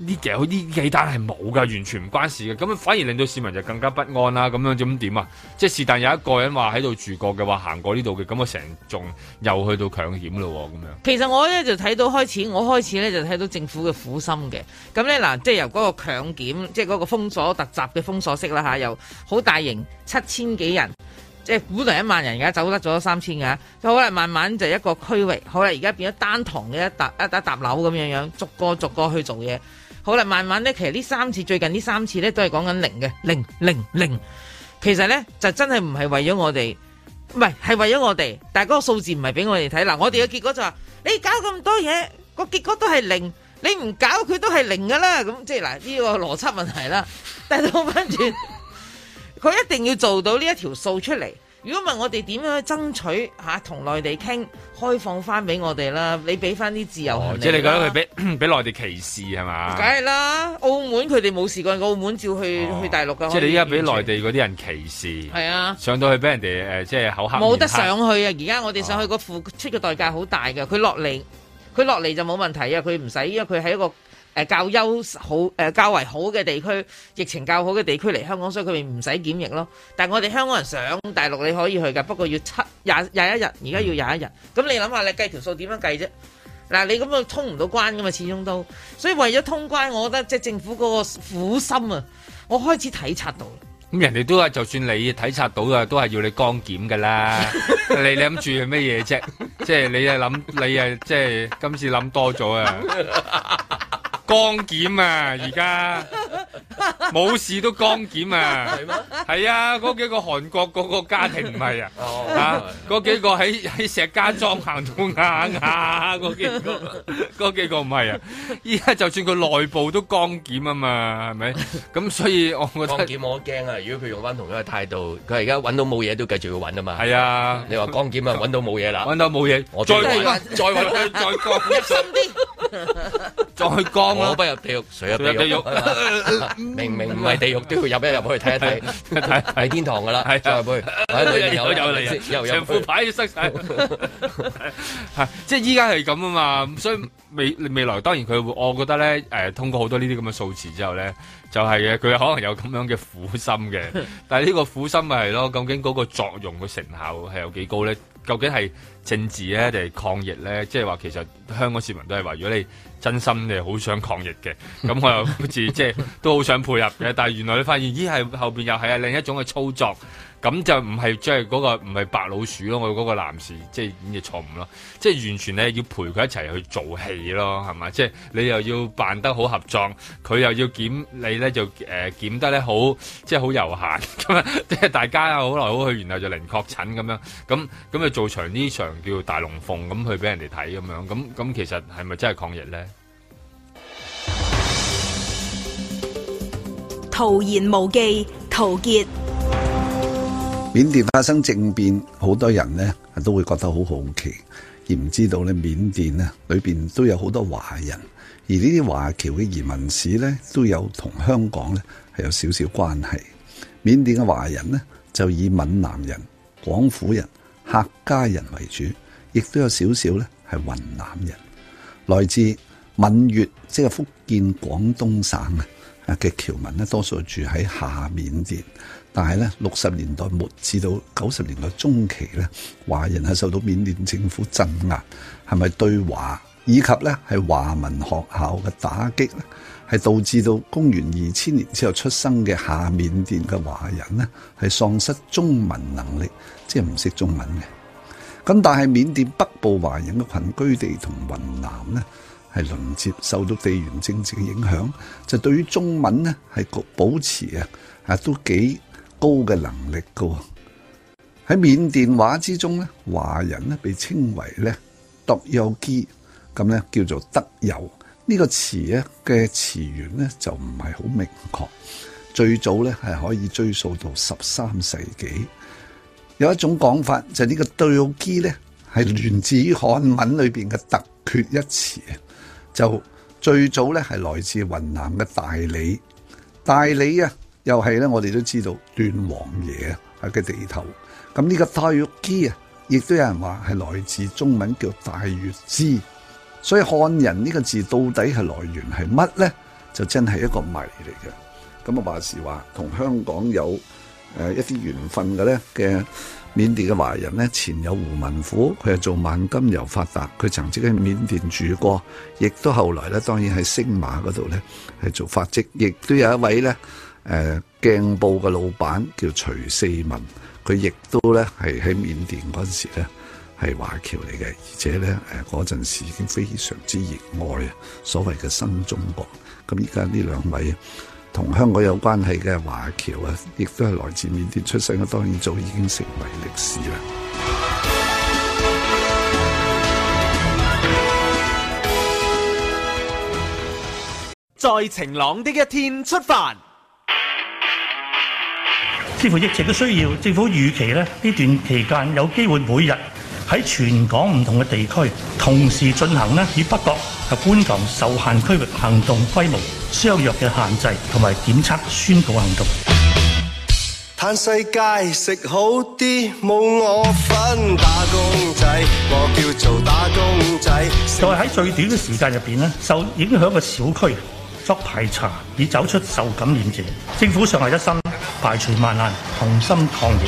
呢幾有呢單係冇㗎，完全唔關事嘅，咁反而令到市民就更加不安啦。咁樣咁點啊？即係是但有一個人話喺度住過嘅話，行過呢度嘅，咁我成仲又去到強檢咯，咁樣。其實我咧就睇到開始，我開始咧就睇到政府嘅苦心嘅。咁咧嗱，即係由嗰個強檢，即係嗰個封鎖特集嘅封鎖式啦嚇，又好大型，七千幾人，即係估嚟一萬人而家走得咗三千就好啦，慢慢就一個區域，好啦，而家變咗單堂嘅一笪一笪沓樓咁樣樣，逐個逐個去做嘢。好啦，慢慢咧，其實呢三次最近呢三次咧，都係講緊零嘅，零零零。其實咧就真係唔係為咗我哋，唔係係為咗我哋，但係嗰個數字唔係俾我哋睇。嗱，我哋嘅結果就話、是、你搞咁多嘢，個結果都係零，你唔搞佢都係零噶啦。咁即係嗱呢個邏輯問題啦。但係倒翻轉，佢 一定要做到呢一條數出嚟。如果問我哋點樣去爭取吓同內地傾開放翻俾我哋啦，你俾翻啲自由，哦，即係你覺得佢俾俾內地歧視係嘛？梗係啦，澳門佢哋冇事噶，澳門照去、哦、去大陸噶。即係你依家俾內地嗰啲人歧視，係全啊，上到去俾人哋誒、呃，即係口黑冇得上去啊！而家我哋上去個、哦、付出嘅代價好大嘅，佢落嚟佢落嚟就冇問題啊！佢唔使，因為佢係一個。誒，較優好誒、呃，較為好嘅地區，疫情較好嘅地區嚟香港，所以佢唔使檢疫咯。但係我哋香港人上大陸，你可以去噶，不過要七廿廿一日，而家要廿一日。咁、嗯嗯、你諗下，你計條數點樣計啫？嗱、啊，你咁樣通唔到關噶嘛，始終都。所以為咗通關，我覺得即係政府嗰個苦心啊，我開始體察,察到。咁人哋都係就算你體察到啊，都係要你光檢噶啦。你想你諗住咩嘢啫？即係你係諗，你係即係今次諗多咗啊。 光檢啊，而家冇事都光檢啊，係咩？係啊，嗰幾個韓國嗰個家庭唔係啊，啊，嗰幾個喺喺石家莊行到啞啞嗰幾個，嗰幾個唔係啊，依家就算佢內部都光檢啊嘛，係咪？咁所以我覺得光檢我驚啊，如果佢用返同樣嘅態度，佢而家揾到冇嘢都繼續要揾啊嘛。係啊，你話光檢啊揾到冇嘢啦，揾到冇嘢，我再揾啦，再揾再再光，小心啲。再去江，我不入地獄，誰入地獄？明明唔係地獄都要入一入去睇一睇，睇天堂噶啦，係再入去。有有嚟人，成副牌要識晒。係即係依家係咁啊嘛，所以未未來當然佢會，我覺得咧，誒，通過好多呢啲咁嘅數字之後咧，就係嘅，佢可能有咁樣嘅苦心嘅，但係呢個苦心咪係咯？究竟嗰個作用嘅成效係有幾高咧？究竟係政治咧定係抗疫咧？即係話其實香港市民都係話，如果你真心你好想抗疫嘅，咁我又好似即係都好想配合嘅。但係原來你發現咦，係後面又係另一種嘅操作。咁就唔係即係嗰個唔係白老鼠咯，我、那、嗰個男士即係、就是、演嘅錯誤咯，即、就、係、是、完全呢，要陪佢一齊去做戲咯，係嘛？即、就、係、是、你又要扮得好合作，佢又要檢你咧就誒、呃、得咧好即係好悠閒咁啊！即 係大家好來好去，然後就零確診咁樣，咁咁就做長呢場叫大龍鳳咁去俾人哋睇咁樣，咁咁其實係咪真係抗疫咧？陶言無忌，陶傑。緬甸發生政變，好多人呢都會覺得好好奇，而唔知道咧緬甸呢裏邊都有好多華人，而呢啲華僑嘅移民史呢都有同香港呢係有少少關係。緬甸嘅華人呢就以閩南人、廣府人、客家人為主，亦都有少少呢係雲南人，來自閩粵，即係福建、廣東省啊嘅僑民呢，多數住喺下緬甸。但係咧，六十年代末至到九十年代中期咧，華人係受到緬甸政府鎮壓，係咪對華以及咧係華文學校嘅打擊咧，係導致到公元二千年之後出生嘅下緬甸嘅華人呢，係喪失中文能力，即係唔識中文嘅。咁但係緬甸北部華人嘅群居地同雲南呢，係鄰接，受到地緣政治嘅影響，就對於中文呢係保持啊，啊都幾高嘅能力嘅。喺緬甸話之中咧，華人咧被稱為咧德友基，咁咧叫做德友呢個詞咧嘅詞源咧就唔係好明確，最早咧係可以追溯到十三世紀，有一種講法就係呢個德友基咧係源自於漢文裏邊嘅特厥一詞，就最早咧係來自雲南嘅大理，大理啊。又係咧，我哋都知道段王爺啊，係嘅地頭。咁呢個大玉基啊，亦都有人話係來自中文叫大月之。所以漢人呢個字到底係來源係乜咧？就真係一個謎嚟嘅。咁啊話時話同香港有一啲緣分嘅咧嘅緬甸嘅華人咧，前有胡文虎，佢係做萬金油發達，佢曾經喺緬甸住過，亦都後來咧當然喺星馬嗰度咧係做法職，亦都有一位咧。誒、uh, 鏡報嘅老闆叫徐四文，佢亦都咧係喺緬甸嗰陣時咧係華僑嚟嘅，而且咧誒嗰陣時已經非常之熱愛所謂嘅新中國。咁而家呢兩位同香港有關係嘅華僑啊，亦都係來自緬甸出世，嘅當然早已經成為歷史啦。在晴朗的一天出發。視乎疫情嘅需要，政府預期咧呢段期間有機會每日喺全港唔同嘅地區同時進行呢，與北角及觀塘受限區域行動規模相若嘅限制同埋檢測宣佈行動。打工仔，我叫做打工仔吃就係喺最短嘅時間入面，受影響嘅小區。作排查，以找出受感染者，政府上係一心排除萬難，同心抗疫。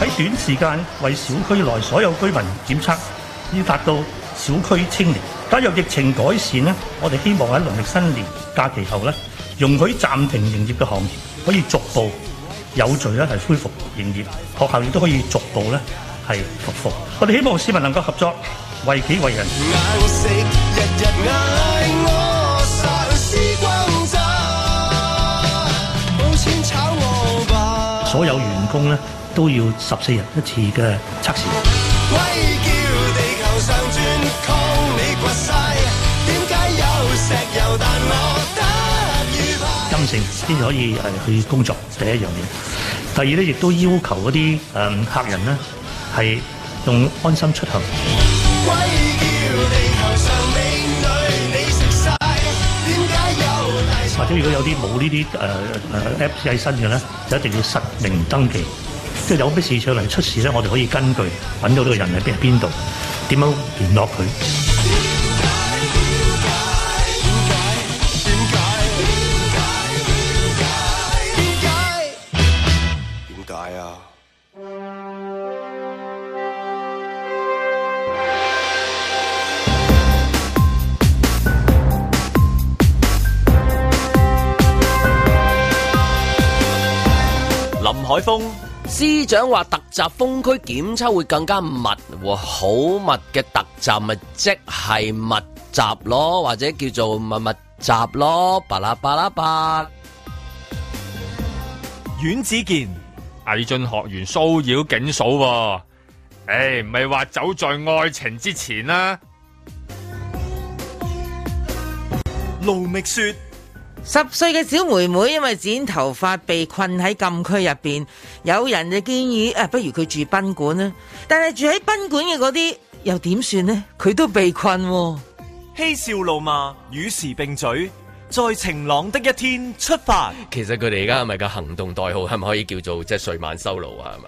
喺短時間為小區內所有居民檢測，要達到小區清零。假如疫情改善咧，我哋希望喺農曆新年假期後咧，容許暫停營業嘅行業可以逐步有序咧係恢復營業，學校亦都可以逐步咧係復課。我哋希望市民能夠合作。為己為人，所有員工咧都要十四日一次嘅測試。陰性先可以去工作，第一樣嘢。第二咧，亦都要求嗰啲誒客人咧係用安心出行。或者如果有啲冇呢啲誒誒 Apps 喺身嘅咧，就一定要實名登記。即係有咩事出嚟出事咧，我哋可以根據揾到呢個人喺邊邊度，點樣聯絡佢。司長話特襲封區檢測會更加密，好密嘅特襲咪即係密集咯，或者叫做密密集咯，巴啦巴啦巴。阮子健，魏俊學員騷擾警嫂、啊，誒、欸，唔係話走在愛情之前啦、啊。盧覓雪。十歲嘅小妹妹因為剪頭髮被困喺禁區入邊，有人就建議，誒、啊，不如佢住賓館啦。但係住喺賓館嘅嗰啲又點算咧？佢都被困、哦。嬉笑怒罵與時並嘴，在晴朗的一天出發。其實佢哋而家係咪個行動代號係咪可以叫做即係歲晚修路啊？係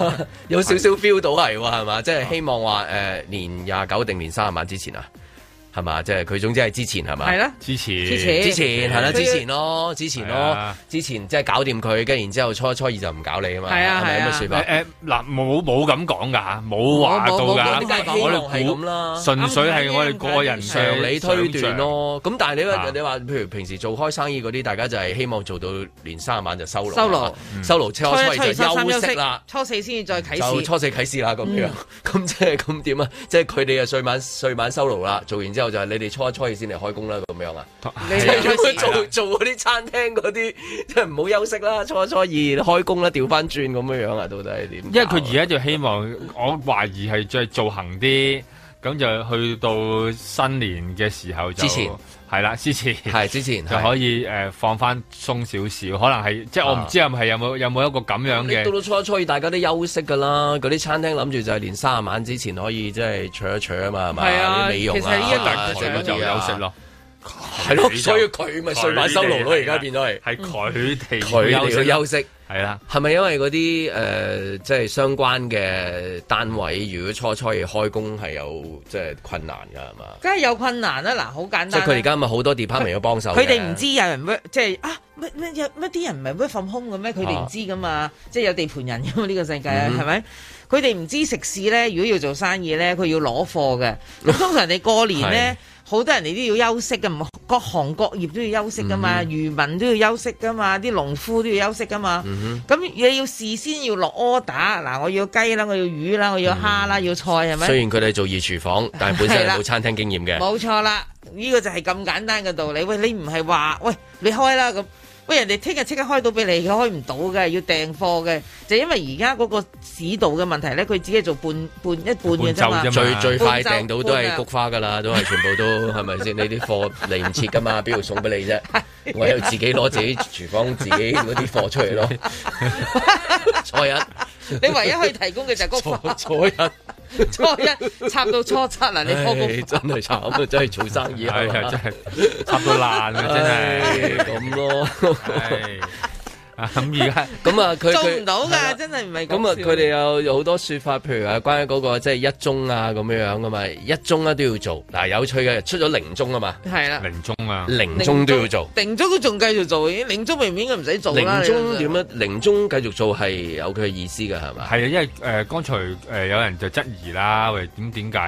嘛， 有少少 feel 到係，係嘛，即係希望話誒、呃，年廿九定年卅晚之前啊。係嘛？即係佢總之係之前係嘛？係啦，之前之前係啦，之前咯，之前咯，之前即係搞掂佢，跟然之後初一初二就唔搞你啊嘛。係啊係啊誒嗱，冇冇咁講㗎冇話到㗎。我估純粹係我哋個人常理推斷咯。咁但係你話你話，譬如平時做開生意嗰啲，大家就係希望做到年三十晚就收爐收爐收爐，所以就休息啦。初四先至再啟事，初四啟事啦咁樣，咁即係咁點啊？即係佢哋啊，歲晚歲晚收爐啦，做完之後。就係你哋初一初二先嚟開工啦，咁樣啊？的你做的做嗰啲餐廳嗰啲，即係唔好休息啦，初一初二開工啦，調翻轉咁樣樣啊？到底係點？因為佢而家就希望，嗯、我懷疑係再做行啲，咁就去到新年嘅時候就。之前。係啦，之前係之前就可以誒是、呃、放翻鬆少少，可能係即係我唔知係唔係有冇有冇，啊、一個咁樣嘅，到到初一初二，大家都休息噶啦，嗰啲餐廳諗住就係連三十晚之前可以即係除一除啊嘛，係嘛？啲美容啊、洗腳、這個、啊、又、這個、休息咯。係咯，所以佢咪碎板收爐咯，而家變咗係。係佢哋佢休息、嗯、休息係啦。係咪因為嗰啲誒，即係相關嘅單位，如果初初開工係有即係困難噶，係嘛？梗係有困難啦，嗱，好簡單。即係佢而家咪好多 department 們要幫手。佢哋唔知有人 work 即係啊，乜乜乜啲人唔係 work from home 嘅咩？佢哋唔知噶嘛，啊、即係有地盤人噶嘛，呢個世界係咪？佢哋唔知食肆咧，如果要做生意咧，佢要攞貨嘅。通常你過年咧。好多人哋都要休息㗎嘛，各行各業都要休息噶嘛，漁、嗯、哼民都要休息噶嘛，啲農夫都要休息噶嘛。咁、嗯、哼你要事先要落 order，嗱，我要雞啦，我要魚啦，我要蝦啦，嗯、哼要菜係咪？雖然佢哋做二廚房，但係本身係冇餐廳經驗嘅。冇錯啦，呢個就係咁簡單嘅道理。喂，你唔係話喂，你開啦咁。喂，人哋聽日即刻開到俾你，佢開唔到嘅，要訂貨嘅，就係、因為而家嗰個市道嘅問題咧，佢只係做半半一半嘅啫。最最快訂到都係菊花噶啦，都係全部都係咪先？你啲貨嚟唔切噶嘛，邊度 送俾你啫？ 唯有自己攞自己廚房自己嗰啲貨出嚟咯。菜人，你唯一可以提供嘅就係嗰個菜人。 初 初一插到初七嗱，你真係慘啊！真係做 生意，係啊 真係插到爛啊！唉真係咁咯。咁而家咁啊，佢做唔到噶，們真係唔係咁。咁啊，佢哋有好多說法，譬如話關於嗰、那個即係一宗啊咁樣樣噶嘛，一宗啊都要做。嗱、啊，有趣嘅出咗零宗啊嘛，係啦，零宗啊，零宗都要做。零宗都仲繼續做，零宗明明應該唔使做，零宗點樣？零宗繼續做係有佢嘅意思噶，係嘛？係啊，因為誒剛、呃、才誒有人就質疑啦，喂點點解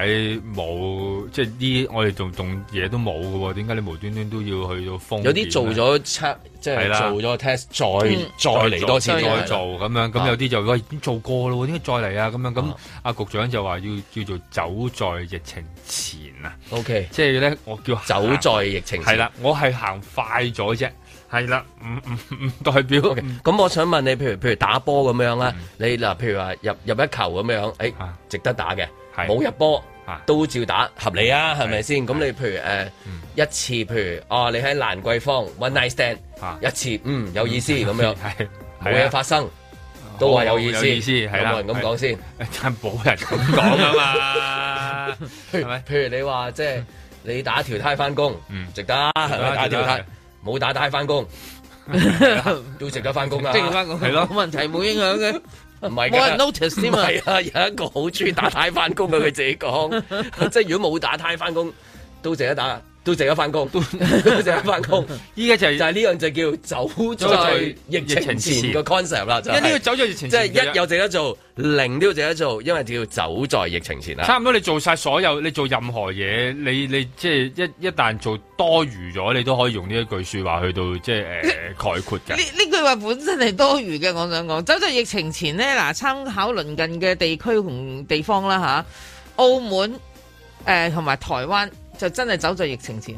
冇即係啲我哋仲仲嘢都冇噶？點解你無端端都要去到封？有啲做咗測。呃即係做咗 test，再再嚟多次再做咁樣，咁有啲就喂已經做過啦，點解再嚟啊？咁樣咁，阿局長就話要叫做走在疫情前啊。OK，即係咧，我叫走在疫情係啦，我係行快咗啫。係啦，唔唔唔，代表 OK。咁我想問你，譬如譬如打波咁樣啦，你嗱譬如話入入一球咁樣，誒值得打嘅，冇入波。都照打合理啊，係咪先？咁你譬如誒，一次譬如哦，你喺蘭桂坊 one night stand 吓一次，嗯，有意思咁樣係，冇嘢發生，都話有意思，有意思係啦。冇人咁講先，冇人咁講啊嘛，譬如譬如你話即係你打條胎翻工，值得係咪？打條胎冇打胎翻工都值得翻工啊，即係要翻工係咯，冇問題冇影響嘅。唔係，冇人 notice 添嘛。係啊，有一個好中意打呔返工嘅，佢自己講，即係如果冇打呔返工，都值得打啊。都值得翻工， 都值得翻工。依家就係、就係呢樣就叫走在疫情前嘅 concept 啦。一呢個走咗疫情即係、就係、一有值得做，零都要值，值得做，因為要走在疫情前啦。差唔多你做晒所有，你做任何嘢，你你即係、就係、一一旦做多餘咗，你都可以用呢一句說話去到即係誒概括嘅。呢呢句話本身係多餘嘅，我想講走在疫情前咧，嗱參考鄰近嘅地區同地方啦吓、啊，澳門誒同埋台灣。就真係走在疫情前，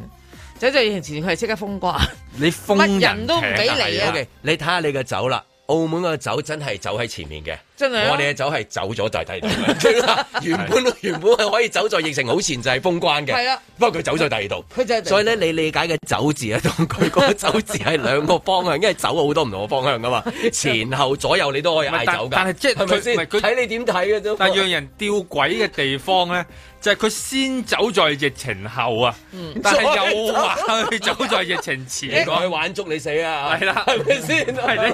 走在疫情前佢係即刻封關，你封關，乜人都唔俾你啊！係啊, okay, 你睇下你嘅酒啦，澳門嘅酒真係走喺前面嘅。我哋嘅走係走咗就係第二度，原本原本係可以走在疫情好前就係封關嘅，係啊，不過佢走在第二度，所以咧你理解嘅走字啊，同佢個走字係兩個方向，因為走好多唔同嘅方向噶嘛，前後左右你都可以嗌走噶，但係即係咪先睇你點睇嘅啫？但係讓人吊詭嘅地方咧，就係佢先走在疫情後啊，但係又話去走在疫情前，你過去玩捉你死啊！係啦，係咪先？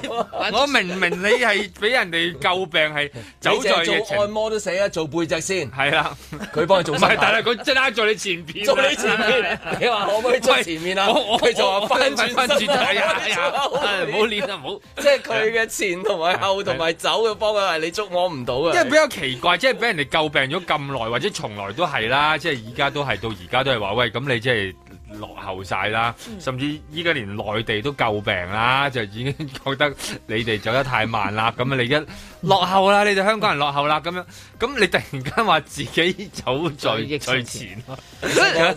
我明明你係俾人哋詬病。病係走在疫做按摩都死啦，做背脊先。係啦、啊，佢幫你做。唔係， 但係佢即刻在你前邊。你前邊，你話可唔可以做前面啊？我我係做翻轉身。係啊係唔好練啊，唔好。即係佢嘅前同埋後同埋走嘅方向係 是你捉摸唔到嘅。即係比較奇怪，即係俾人哋詬病咗咁耐，或者從來都係啦，即係而家都係到而家都係話喂，咁你即、就、係、是。落後晒啦，甚至依家連內地都詬病啦，就已經覺得你哋走得太慢啦。咁啊，你一落後啦，你哋香港人落後啦，咁樣，咁你突然間話自己走在最，最，最前咯。你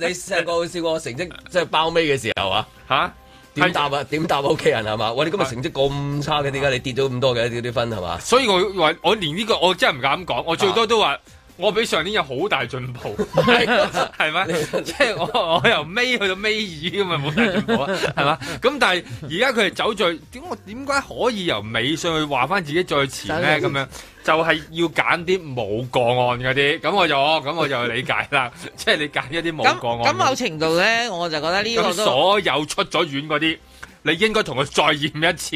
你試過試過成績即係包尾嘅時候啊？吓？點答啊？點答屋企人係嘛？我哋今日成績咁差嘅，點解你跌咗咁多嘅？跌啲分係嘛？所以我話我連呢、這個我真係唔敢講，我最多都話。啊我比上年有好大進步，係咪？即係我我由尾去到尾二咁咪冇大進步啊，係嘛？咁 但係而家佢係走最點？我點解可以由尾上去話翻自己最前咧？咁 樣就係、是、要揀啲冇個案嗰啲，咁我就咁、哦、我就理解啦。即係 你揀一啲冇個案。咁某有程度咧，我就覺得呢個都所有出咗院嗰啲。你應該同佢再驗一次，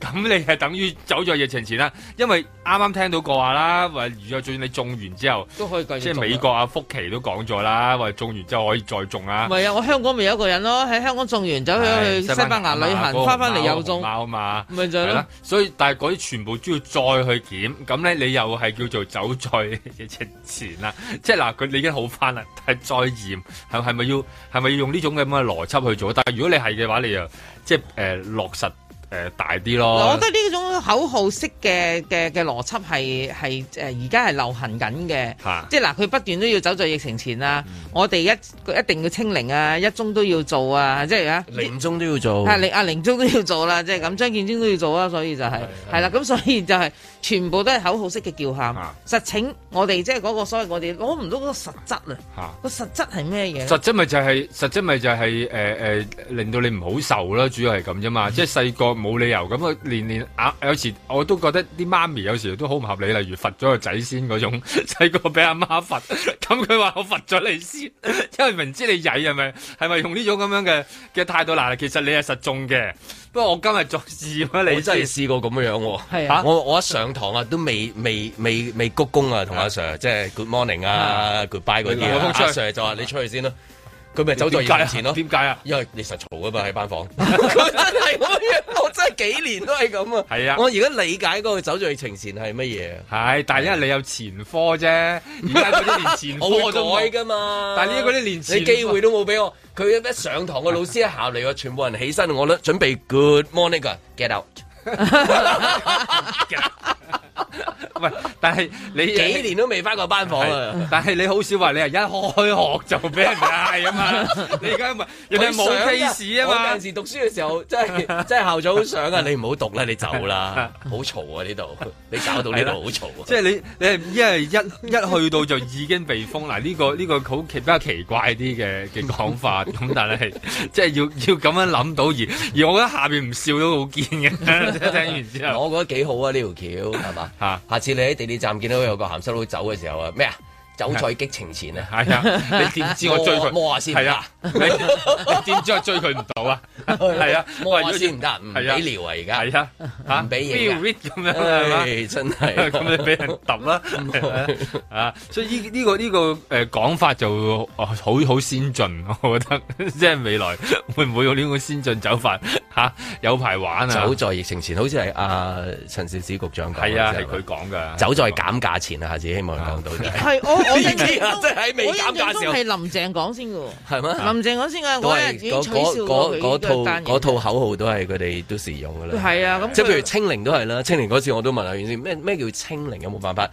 咁你係等於走在疫情前啦，因為啱啱聽到過話啦，話如果你種完之後，都可以繼續。即係美國阿福奇都講咗啦，話種完之後可以再種啊。唔係啊，我香港咪有一個人咯，喺香港種完走去去西班牙旅行，翻翻嚟又種。貓、那個、嘛，咪就係啦、啊。所以但係嗰啲全部都要再去檢，咁咧你又係叫做走在疫情前 啦。即係嗱，佢你已經好翻啦，但係再驗係係咪要係咪要用呢種咁嘅邏輯去做？但係如果你係嘅話，你又即係。誒、呃，落實。誒大啲咯，我覺得呢種口號式嘅嘅嘅邏輯係係誒而家係流行緊嘅，即係嗱佢不斷都要走在疫情前啊，我哋一一定要清零啊，一宗都要做啊，即係啊，零宗都要做，啊零啊零宗都要做啦，即係咁張建宗都要做啊，所以就係係啦，咁所以就係全部都係口號式嘅叫喊，實情我哋即係嗰個所謂我哋攞唔到個實質啊，個實質係咩嘢？實質咪就係實質咪就係誒誒令到你唔好受啦，主要係咁啫嘛，即係細個。冇理由咁啊！年年啊，有時我都覺得啲媽咪有時都好唔合理，例如罰咗個仔先嗰種，細個俾阿媽罰，咁佢話我罰咗你先，因為明知你曳，係咪？係咪用呢種咁樣嘅嘅態度嗱？其實你係實中嘅。不過我今日作事，我啊，你真係試過咁樣喎。我我一上堂啊，都未未未未鞠躬啊，同阿 Sir、啊、即係 Good morning 啊，Goodbye 嗰啲啊，啊出阿 Sir 就話你出去先啦，啊。佢咪走咗去程前咯？點解啊？因為你實嘈啊嘛，喺班房 真，真係我我真係幾年都係咁啊！係是啊！我而家理解嗰個走咗去情前係乜嘢？係，但係因為你有前科啫，而家嗰啲年前科 我改噶嘛？但係呢嗰啲年前科，你機會都冇俾我。佢一上堂嘅老師一下嚟，全部人起身，我咧準備 Good morning Get out。唔 但係你幾年都未翻過班房啊！但係你好少話，你係一開學就俾人嗌啊嘛！ 你而家唔係你冇 case 啊嘛？有陣時讀書嘅時候，即係即係校長好想啊，你唔好讀啦，你走啦，好嘈 啊呢度！你搞到呢度好嘈啊！即係、就是、你你係一一一去到就已經被封啦，呢、這個呢、這個好奇比較奇怪啲嘅嘅講法，咁但係即係要要咁樣諗到而而我喺下邊唔笑都好堅嘅。 聽完之後我覺 得幾好啊，呢條橋係嘛吓？下次你喺地鐵站見到有個鹹濕佬走嘅時候啊，咩啊走在激情前啊，係啊，你點知我追佢？摸下先，係啊，你點知我追佢唔到啊？係啊，摸下先唔得，唔俾撩啊！而家係啊，唔俾嘢咁樣，真係咁樣俾人揼啦啊！所以呢呢個呢個誒講法就好好先進，我覺得即係未來會唔會有呢個先進走法吓？有排玩啊！走在疫情前，好似係阿陳肇始局長講，係啊，係佢講噶。走在減價前啊，下次希望講到係 我印象中係林鄭講先嘅，林鄭講先啊。我係嗰嗎套嗰套口號都係佢哋都時用嘅啦。係啊，即係譬如清零都係啦，清零嗰時我都問啊，原先咩咩叫清零有冇辦法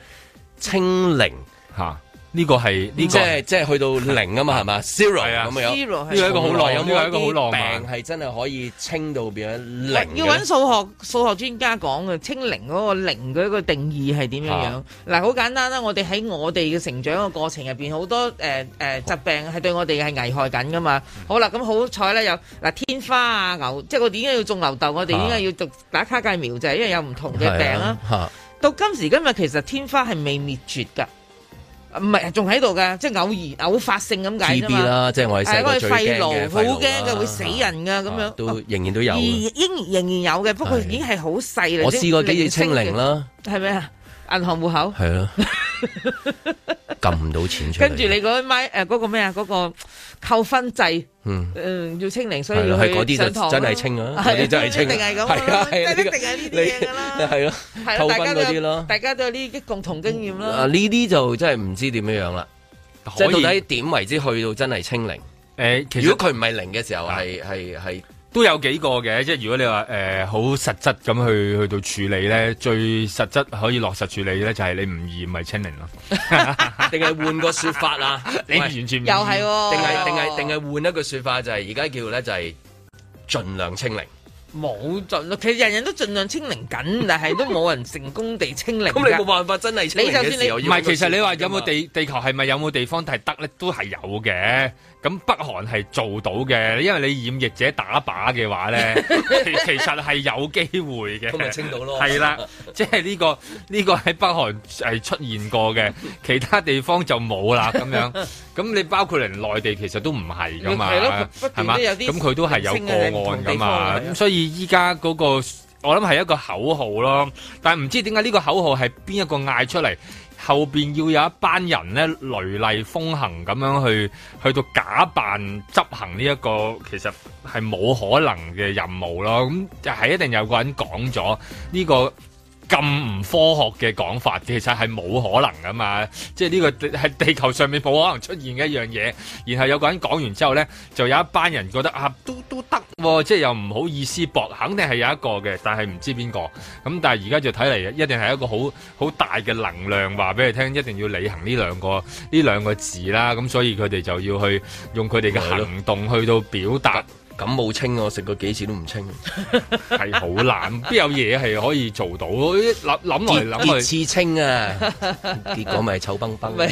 清零吓？呢個係呢、這個是即是，即係即係去到零啊嘛，係嘛 Zero 咁啊，這樣有，呢個係一個好浪，呢個係一個好浪病係真係可以清到變咗零。要揾數學數學專家講嘅清零嗰個零嘅一個定義係點樣樣？嗱、啊，好、啊、簡單啦、啊，我哋喺我哋嘅成長嘅過程入邊，好多誒誒、呃呃、疾病係對我哋係危害緊嘅嘛。嗯、好啦，咁好彩咧，有、啊、嗱天花啊牛，即係我點解要種牛痘，啊、我哋應該要打卡介苗就係、是、因為有唔同嘅病啦、啊。啊啊、到今時今日，其實天花係未滅絕嘅。唔係，仲喺度嘅，即係偶然、偶發性咁解啫嘛。T B 啦，即係我喺西亞最驚嘅。係嗰個肺癆，好驚嘅，會死人嘅咁樣。都仍然都有。而仍然仍然有嘅，不過已經係好細嚟。我試過幾次清零啦。係咩啊？銀行戶口係咯，撳唔到錢出。跟住你嗰個麥誒嗰個咩啊嗰個。扣分制，嗯，嗯，要清零，所以呢啲就真係清啊，嗰啲真係清啊，係啊，定係呢啲嘢啦，係咯，扣分嗰啲咯，大家都有呢啲共同經驗啦。啊，呢啲就真係唔知點樣樣啦，即係到底點為之去到真係清零？誒，其實，如果佢唔係零嘅時候，係係係。都有幾個嘅，即係如果你話誒好實質咁去去到處理咧，最實質可以落實處理咧，就係你唔易咪清零咯，定係換個說法啊？ 是你完全又係定係定係定係換一句說法就係而家叫咧就係、是、盡量清零，冇盡，其實人人都盡量清零緊，但係都冇人成功地清零。咁 你冇辦法真係你就算你唔係，其實你話有冇地地球係咪有冇地方但係得咧？都係有嘅。咁北韓係做到嘅，因為你染疫者打靶嘅話咧， 其實係有機會嘅。咁咪清到咯？係啦的， 即係呢、這個呢、這個喺北韓係出現過嘅， 其他地方就冇啦咁樣。咁你包括嚟內地其實都唔係㗎嘛，係嘛 吧？咁佢都係有個案㗎嘛。咁、嗯、所以依家嗰個我諗係一個口號咯，但係唔知點解呢個口號係邊一個嗌出嚟？後面要有一班人咧雷厲風行咁樣去去到假扮執行呢、這、一個其實係冇可能嘅任務咯，咁就係一定有個人講咗呢個。咁唔科學嘅講法，其實係冇可能噶嘛，即係呢個係地球上面冇可能出現嘅一樣嘢。然後有個人講完之後呢，就有一班人覺得啊，都都得、哦，即係又唔好意思駁，肯定係有一個嘅，但係唔知邊個。咁、嗯、但係而家就睇嚟，一定係一個好好大嘅能量，話俾你聽，一定要履行呢兩個呢兩個字啦。咁、嗯、所以佢哋就要去用佢哋嘅行動去到表達。感冒清我食過幾次都唔清，係好難，邊有嘢係可以做到？諗諗來諗去，次清啊，結果咪係臭崩崩。咪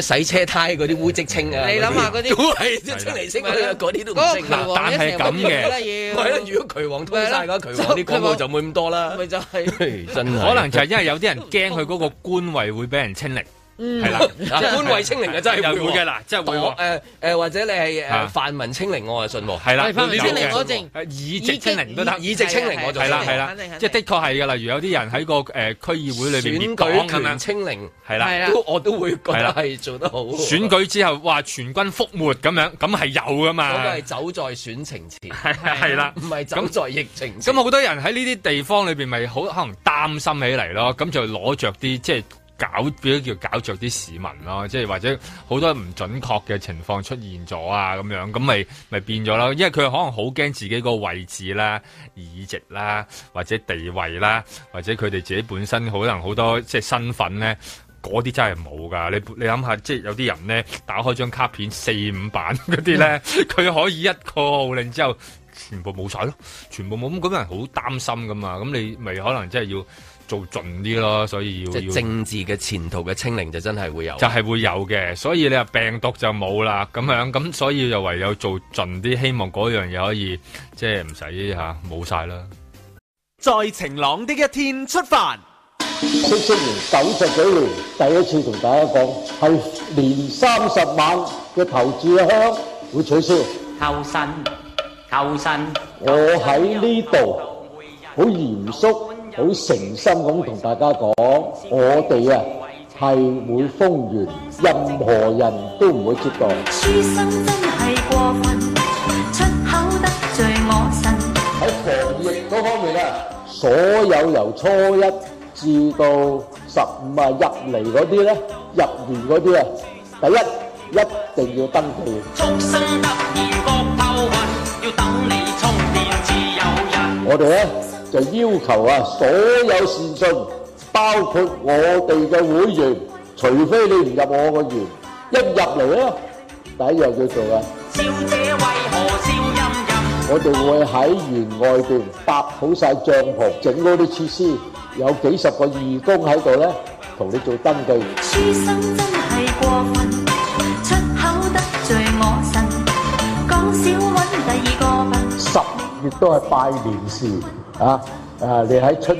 洗車胎嗰啲污漬清啊！你諗下嗰啲，都係清嚟清去嗰啲都唔清噶。但係咁嘅，咪如果渠王通晒，咁渠王啲廣告就冇咁多啦。咪就係真係，可能就係因為有啲人驚佢嗰個官位會俾人清力。嗯，係啦，官位清零嘅真係會嘅啦，即係代鑊，誒誒，或者你係誒泛民清零，我係信喎，係啦，泛你清零我淨，以直清零都得，以直清零我就信，係啦係啦，即係的確係嘅，例如有啲人喺個誒區議會裏邊選舉文清零，係啦，都我都會覺得係做得好。選舉之後話全軍覆沒咁樣，咁係有噶嘛？嗰個係走在選情前，係啦，唔係走在疫情。咁好多人喺呢啲地方裏邊，咪好可能擔心起嚟咯，咁就攞著啲即係。搞，叫搞著啲市民咯，即係或者好多唔準確嘅情況出現咗啊，咁樣咁咪咪變咗囉，因為佢可能好驚自己嗰個位置啦、議席啦、或者地位啦，或者佢哋自己本身可能多身好多即係身份咧，嗰啲真係冇噶。你你諗下，即係有啲人咧打開張卡片四五版嗰啲咧，佢 可以一個號令之後全部冇晒咯，全部冇咁，咁人好擔心噶嘛。咁你咪可能真係要，做盡啲咯，所以要即係政治嘅前途嘅清零就真係會有，就係會有嘅。所以你話病毒就冇啦咁樣，咁所以就唯有做盡啲，希望嗰樣嘢可以即係唔使嚇冇晒啦。在晴朗的一天出發，七七年、九十幾年第一次同大家講，係年三十晚嘅頭炷香會取消。叩身，叩身，我喺呢度，好嚴肅。好誠心咁同大家講，我哋啊係會封完，任何人都唔會接到。喺防疫嗰方面啊，所有由初一至到十五啊入嚟嗰啲咧，入完嗰啲啊，第一一定要登記生得要等你有人我哋。就要求啊！所有善信，包括我哋嘅會員，除非你唔入我個園。一入嚟啊，第一樣要做啊，小姐，為何嘅，我哋會喺園外邊搭好晒帳篷，整嗰啲設施，有幾十個義工喺度咧，同你做登記。書生真係過分，出口得罪我神，講少揾第二個笨。十月都係拜年時。啊！啊，你喺春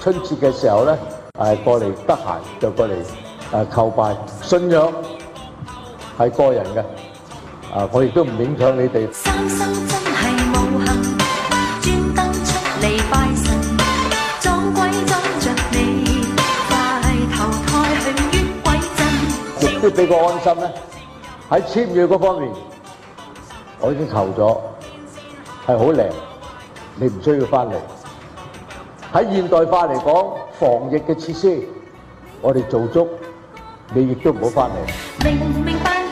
春節嘅時候咧，誒過嚟得閒就過嚟誒叩拜，信仰係個人嘅，啊，我亦都唔影響你哋。亦都俾個安心咧，喺簽約嗰方面，我已經求咗，係好靚。你唔需要返嚟，喺現代化嚟講，防疫嘅設施，我哋做足，你亦都唔好返嚟。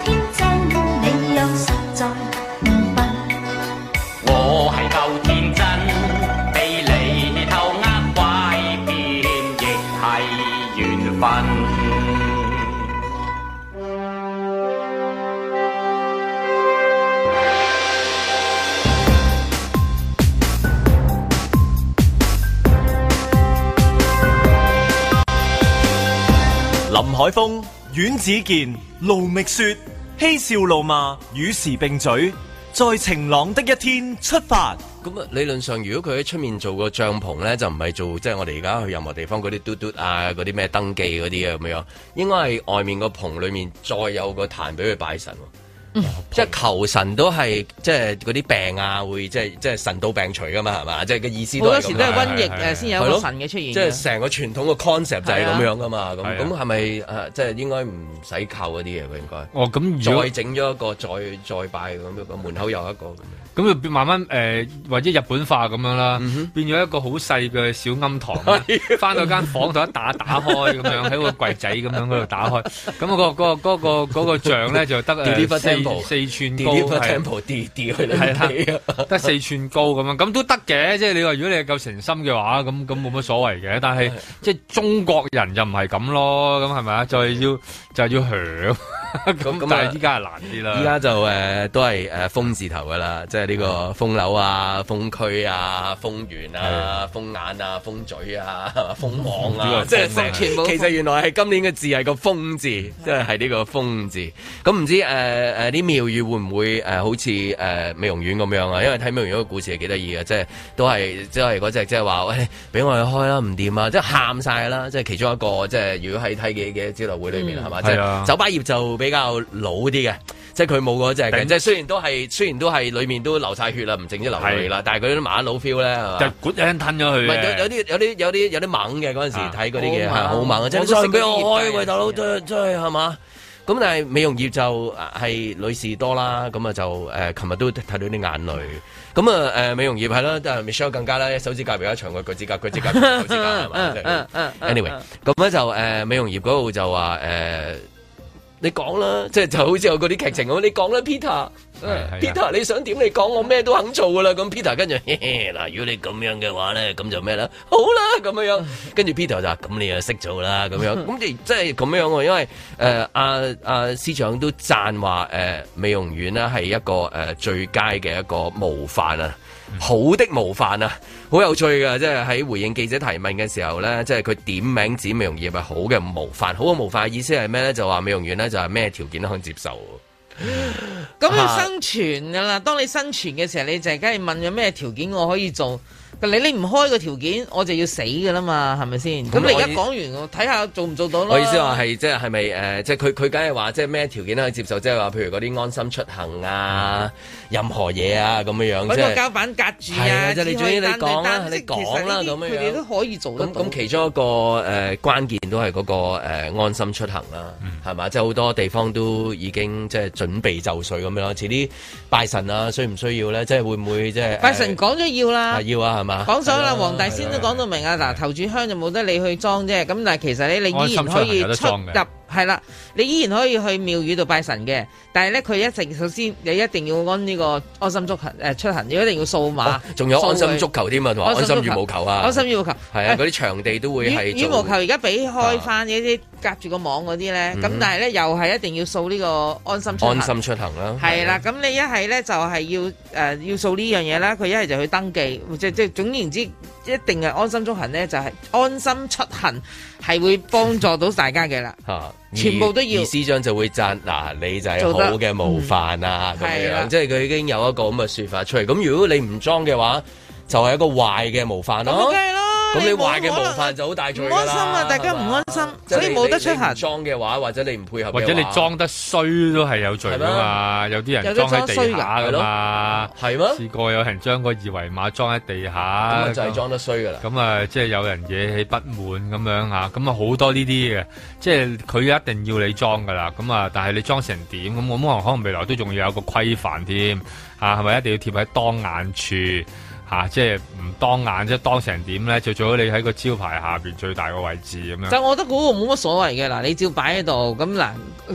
林海峰、阮子健、盧覓雪，嬉笑怒罵，與時並嘴，在晴朗的一天出發。咁啊，理論上如果佢喺出面做個帳篷咧，就唔係做即係、就是、我哋而家去任何地方嗰啲嘟嘟啊，嗰啲咩登記嗰啲啊咁樣，應該係外面個棚裏面再有個壇俾佢拜神。嗯、即係求神都係即係嗰啲病啊，會即係即係神到病除噶嘛，係嘛？即係個意思都係咁。好多時都係瘟疫誒，先有一個神嘅出現。即係成個傳統嘅 concept 就係咁樣噶嘛。咁咁係咪誒？即係應該唔使扣嗰啲嘢佢應該。哦，咁再整咗一個再再拜咁，個門口有一個。咁就變慢慢誒或者日本化咁樣啦，變咗一個好細嘅小庵堂，翻到間房度一打打開咁樣，喺個櫃仔咁樣嗰度打開，咁個個個個個像咧就得四四寸高，得四寸高咁樣，咁都得嘅，即係你話如果你係夠誠心嘅話，咁咁冇乜所謂嘅。但係即係中國人就唔係咁咯，咁係咪啊？就係要就係要響，咁但係依家係難啲啦。依家就誒都係誒風字頭噶啦，呢個風樓啊，風區啊，風源啊，風眼啊，風，啊風嘴啊，風網啊，啊即係是、啊、其實原來係今年嘅字係個風字，即係係呢個風字。咁唔是的、嗯、知誒誒啲廟宇會唔會誒、呃、好似誒、呃、美容院咁樣啊？因為睇美容院個故事係幾得意嘅，即係都係即係嗰隻即係話，喂、就是，俾、就是哎、我哋開啦，唔掂啊！即係喊晒啦，即係其中一個，即係如果喺睇嘅嘅交流會裏面係嘛，即係酒吧業就比較老啲嘅。即係佢冇嗰隻嘅，頂即係雖然都係，雖然都係裏面都流晒血啦，唔淨止流血啦，但係佢啲馬老 feel 咧，就管有吞咗佢。有啲有啲有啲有啲猛嘅嗰陣時睇嗰啲嘢係好猛嘅，真係即你。唔想俾我開胃大佬，真係真係係嘛？咁喂但係美容業就係女士多啦，咁啊就誒琴、呃、日都睇到啲眼淚，咁啊美容業係啦，但係 Michelle 更加啦，手指甲比較長過腳指甲，腳趾甲變長過手指甲 Anyway 咁咧就、呃、美容業嗰度就話你講啦，即係就好似有嗰啲劇情咁，你講啦，Peter，Peter 的你想點？你講我咩都肯做噶啦，咁 Peter 跟住嗱，如果你咁樣嘅話咧，咁就咩啦？好啦，咁樣， 跟住 Peter 就咁你就識做啦，咁樣，咁即係咁樣喎。因為誒阿阿司長都讚話誒、呃、美容院咧係一個誒、呃、最佳嘅一個模範啊。好的模範啊，好有趣噶！即係喺回應記者提問嘅時候咧，即係佢點名指美容業係好嘅模範，好嘅模範嘅意思係咩咧？就話美容院咧就係咩條件都可以接受，咁 要生存噶啦。當你生存嘅時候，你就梗係問咗咩條件我可以做。你你唔開個條件，我就要死㗎啦嘛，係咪先？咁你而家講完，我睇下做唔做到咯。我意思話係即係係咪誒？即係佢佢梗係話即係咩條件都可以接受，即係話譬如嗰啲安心出行啊，嗯、任何嘢啊咁樣啫。個膠板隔住啊，即係你、啊，你講啦、啊，你講啦，佢哋都可以做到。咁其中一個誒、呃、關鍵都係嗰、嗰個、呃、安心出行啦、啊，係嘛？嗯、即係好多地方都已經即係準備就緒咁樣咯。遲啲拜神啊，需唔需要咧？即係會唔會即係？拜神講咗要啦，要啊，係咪？講咗啦，黃大仙都講到明啊，嗱，頭炷香就冇得你去裝啫，咁但係其實咧，你依然可以出入。係啦，你依然可以去廟宇度拜神嘅，但係咧佢一定首先你一定要安呢個安心足行出行，你一定要掃碼，仲、哦、有安心足球添啊，同埋他安心羽毛球啊，安心羽毛球係啊，嗰啲場地都會係羽毛球而家俾開翻、啊、呢啲隔住個網嗰啲咧，咁但係咧又係一定要掃呢個安心出行，安心出行啦、啊，係啦的，咁的你一係咧就係、是、要、呃、要掃呢樣嘢啦，佢一係就去登記，即即總言之，一定係安心足行咧就係、是、安心出行。係會幫助到大家嘅啦，吓，全部都要。司長就會讚嗱，你就係好嘅模範啦咁樣，是的即係佢已經有一個咁嘅說法出嚟。咁如果你唔裝嘅話，就係、是、一個壞嘅模範咯、啊。咁你壞嘅模範就好大罪啦，唔安心啊，大家唔安心，吧所以冇得出行。裝嘅話，或者你唔配合，或者你裝得衰都係有罪噶嘛？吧有啲人裝喺地下，有啲裝得衰噶嘛？係咩？試過有人將個二維碼裝喺地下，咁嗎就係裝得衰噶啦。咁啊，即係有人惹起不滿咁樣吓，咁啊好多呢啲嘅，即係佢一定要你裝噶啦。咁啊，但係你裝成點咁，咁可能未來都仲要有個規範添啊，係咪一定要貼喺當眼處？啊！即係唔當眼，即係當成點咧？就做好你喺個招牌下邊最大個位置咁樣。就我覺得嗰個冇乜所謂嘅嗱，你照擺喺度咁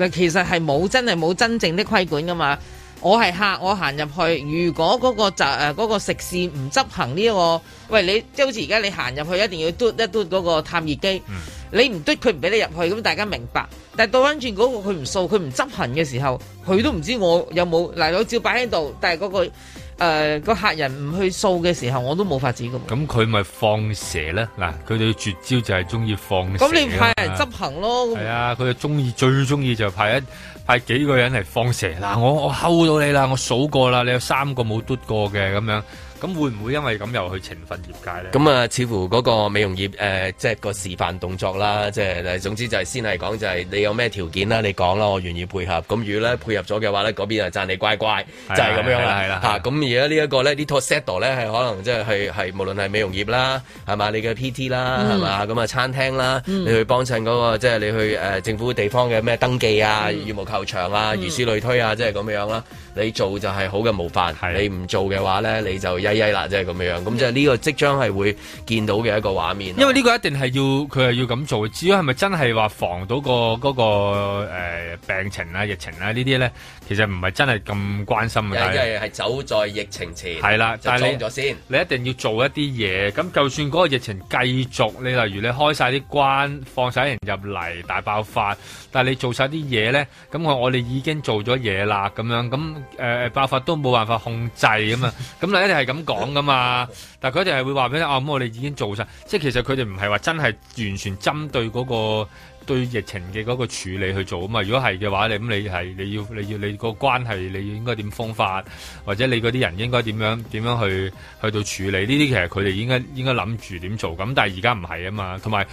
嗱，其實係冇真係冇真正的規管噶嘛。我係客，我行入去，如果嗰、嗰個就、呃嗰個、食肆唔執行呢、呢個，喂你即係好似而家你行入去一定要嘟一嘟嗰、嗰個探熱機，嗯、你唔嘟佢唔俾你入去，咁大家明白。但到翻轉嗰個佢唔掃佢唔執行嘅時候，佢都唔知我有冇嚟我照擺喺度，但係嗰、嗰個。誒，個客人唔去掃嘅時候，我都冇法子咁。咁佢咪放蛇咧？嗱，佢哋嘅絕招就係中意放蛇。咁你派人執行咯。係啊，佢哋就中意，最中意就派一派幾個人嚟放蛇。嗱，我我睺到你啦，我數過啦，你有三個冇篤過嘅咁樣。咁會唔會因為咁又去懲罰業界咧？咁啊，似乎嗰個美容業誒，即係個示範動作啦，即係總之就係先係講，就係你有咩條件啦，你講啦，我願意配合。咁如果咧配合咗嘅話咧，嗰邊就讚你乖乖，就係咁樣啦，係啦。嚇，咁而家呢一個咧，呢套 set 呢，咧係可能即係係係無論係美容業啦，係嘛？你嘅 PT 啦，係嘛？咁啊餐廳啦，你去幫襯嗰個，即係你去誒政府地方嘅咩登記啊、羽毛球場啊，如是類推啊，即係咁樣啦。你做就係好嘅模範，係你唔做嘅話咧，你就曳曳啦，即係咁樣。咁即係呢個即將係會見到嘅一個畫面。因為呢個一定係要佢係要咁做，至於係咪真係話防到個嗰個、呃、病情啊、疫情啊呢啲咧？其實唔係真係咁關心嘅，係係係走在疫情前係啦，但係你咗先你一定要做一啲嘢。咁就算嗰個疫情繼續，你例如你開晒啲關，放晒啲人入嚟，大爆發，但係你做晒啲嘢咧，咁我我哋已經做咗嘢啦，咁樣咁誒爆發都冇辦法控制咁啊！咁你一定係咁講噶嘛，但係佢哋係會話俾你啊，咁我哋已經做晒，即係其實佢哋唔係話真係完全針對嗰個。對疫情嘅嗰個處理去做啊嘛，如果係嘅話，你咁你係你要你要你個關係，你要應該點方法，或者你嗰啲人應該點樣點樣去去到處理呢啲？這些其實佢哋應該應該諗住點做，咁但係而家唔係啊嘛，同埋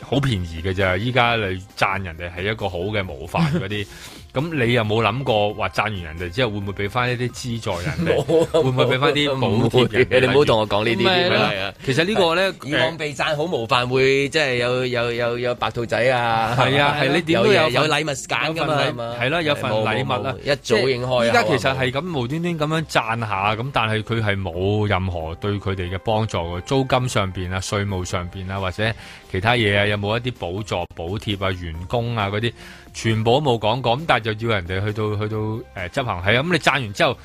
好便宜嘅啫，依家你讚人哋係一個好嘅模範嗰啲。 咁你又冇諗過話讚完人哋之後會唔會俾翻一啲資助人哋？冇，會唔會俾翻啲補貼人？你唔好同我講呢啲嘢。其實呢個咧以往被讚好模範，會即係有有有有白兔仔啊，係啊係。你點都有有禮物揀噶嘛？係啦有份禮物啊，一早應開啊。而家其實係咁無端端咁樣讚下，咁但係佢係冇任何對佢哋嘅幫助嘅，租金上邊啊、稅務上邊啊，或者其他嘢啊，有冇一啲補助、補貼啊、員工啊嗰啲？全部都冇講過，咁但係就要人哋去到去到誒、呃、執行係啊！咁、嗯、你讚完之後，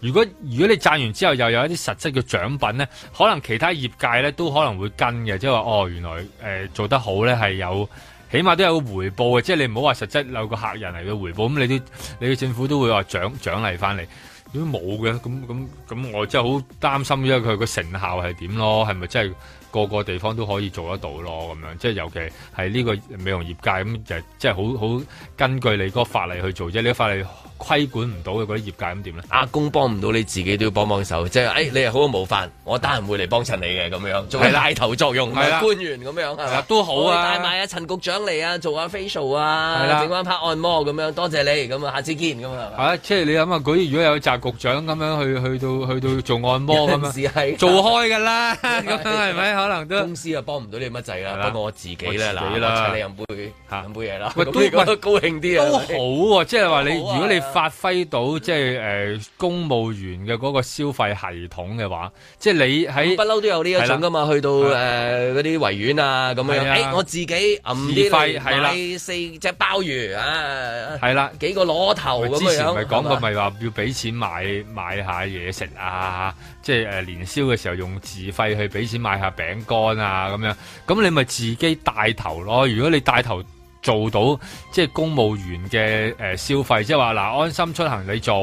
如果如果你讚完之後又有一啲實質嘅獎品咧，可能其他業界咧都可能會跟嘅，即係話哦，原來誒、呃、做得好咧係有，起碼都有個回報嘅，即係你唔好話實質有個客人嚟嘅回報，咁你都你嘅政府都會話獎獎勵翻嚟，如果冇嘅，咁咁咁我真係好擔心，因為佢個成效係點咯？係咪真係？個個地方都可以做得到咯，咁樣即係尤其係呢個美容業界咁就即係好好根據你嗰個法例去做啫。呢個法例規管唔到嘅嗰啲業界咁點咧？阿公幫唔到你自己都要幫幫手，即係誒你係好好模範，我等人會嚟幫襯你嘅咁樣，仲係拉頭作用，係啦，官員咁樣都好啊！帶埋阿陳局長嚟啊，做下 facial 啊，整翻拍按摩咁樣，多謝你咁啊，下次見咁樣。即係你諗下，如果有集局長咁樣去去到去到做按摩咁樣，做開㗎啦，咁樣係咪？可能公司啊幫唔到你乜滯啦，不過我自己咧啦，請你飲杯飲杯嘢啦，咁都覺得高興啲啊？都好喎，即係話你如果你發揮到即係誒公務員嘅嗰個消費系統嘅話，即係你喺不嬲都有呢一種噶嘛，去到嗰啲維園啊咁樣，我自己揼啲費買四隻鮑魚啊，係啦，幾個攞頭咁樣，之前咪講過咪話要俾錢買買下嘢食啊，即係誒年宵嘅時候用自費去俾錢買下餅。干啊咁樣，咁你咪自己帶頭咯。如果你帶頭。做到即係公務員嘅誒消費，即係話嗱安心出行你做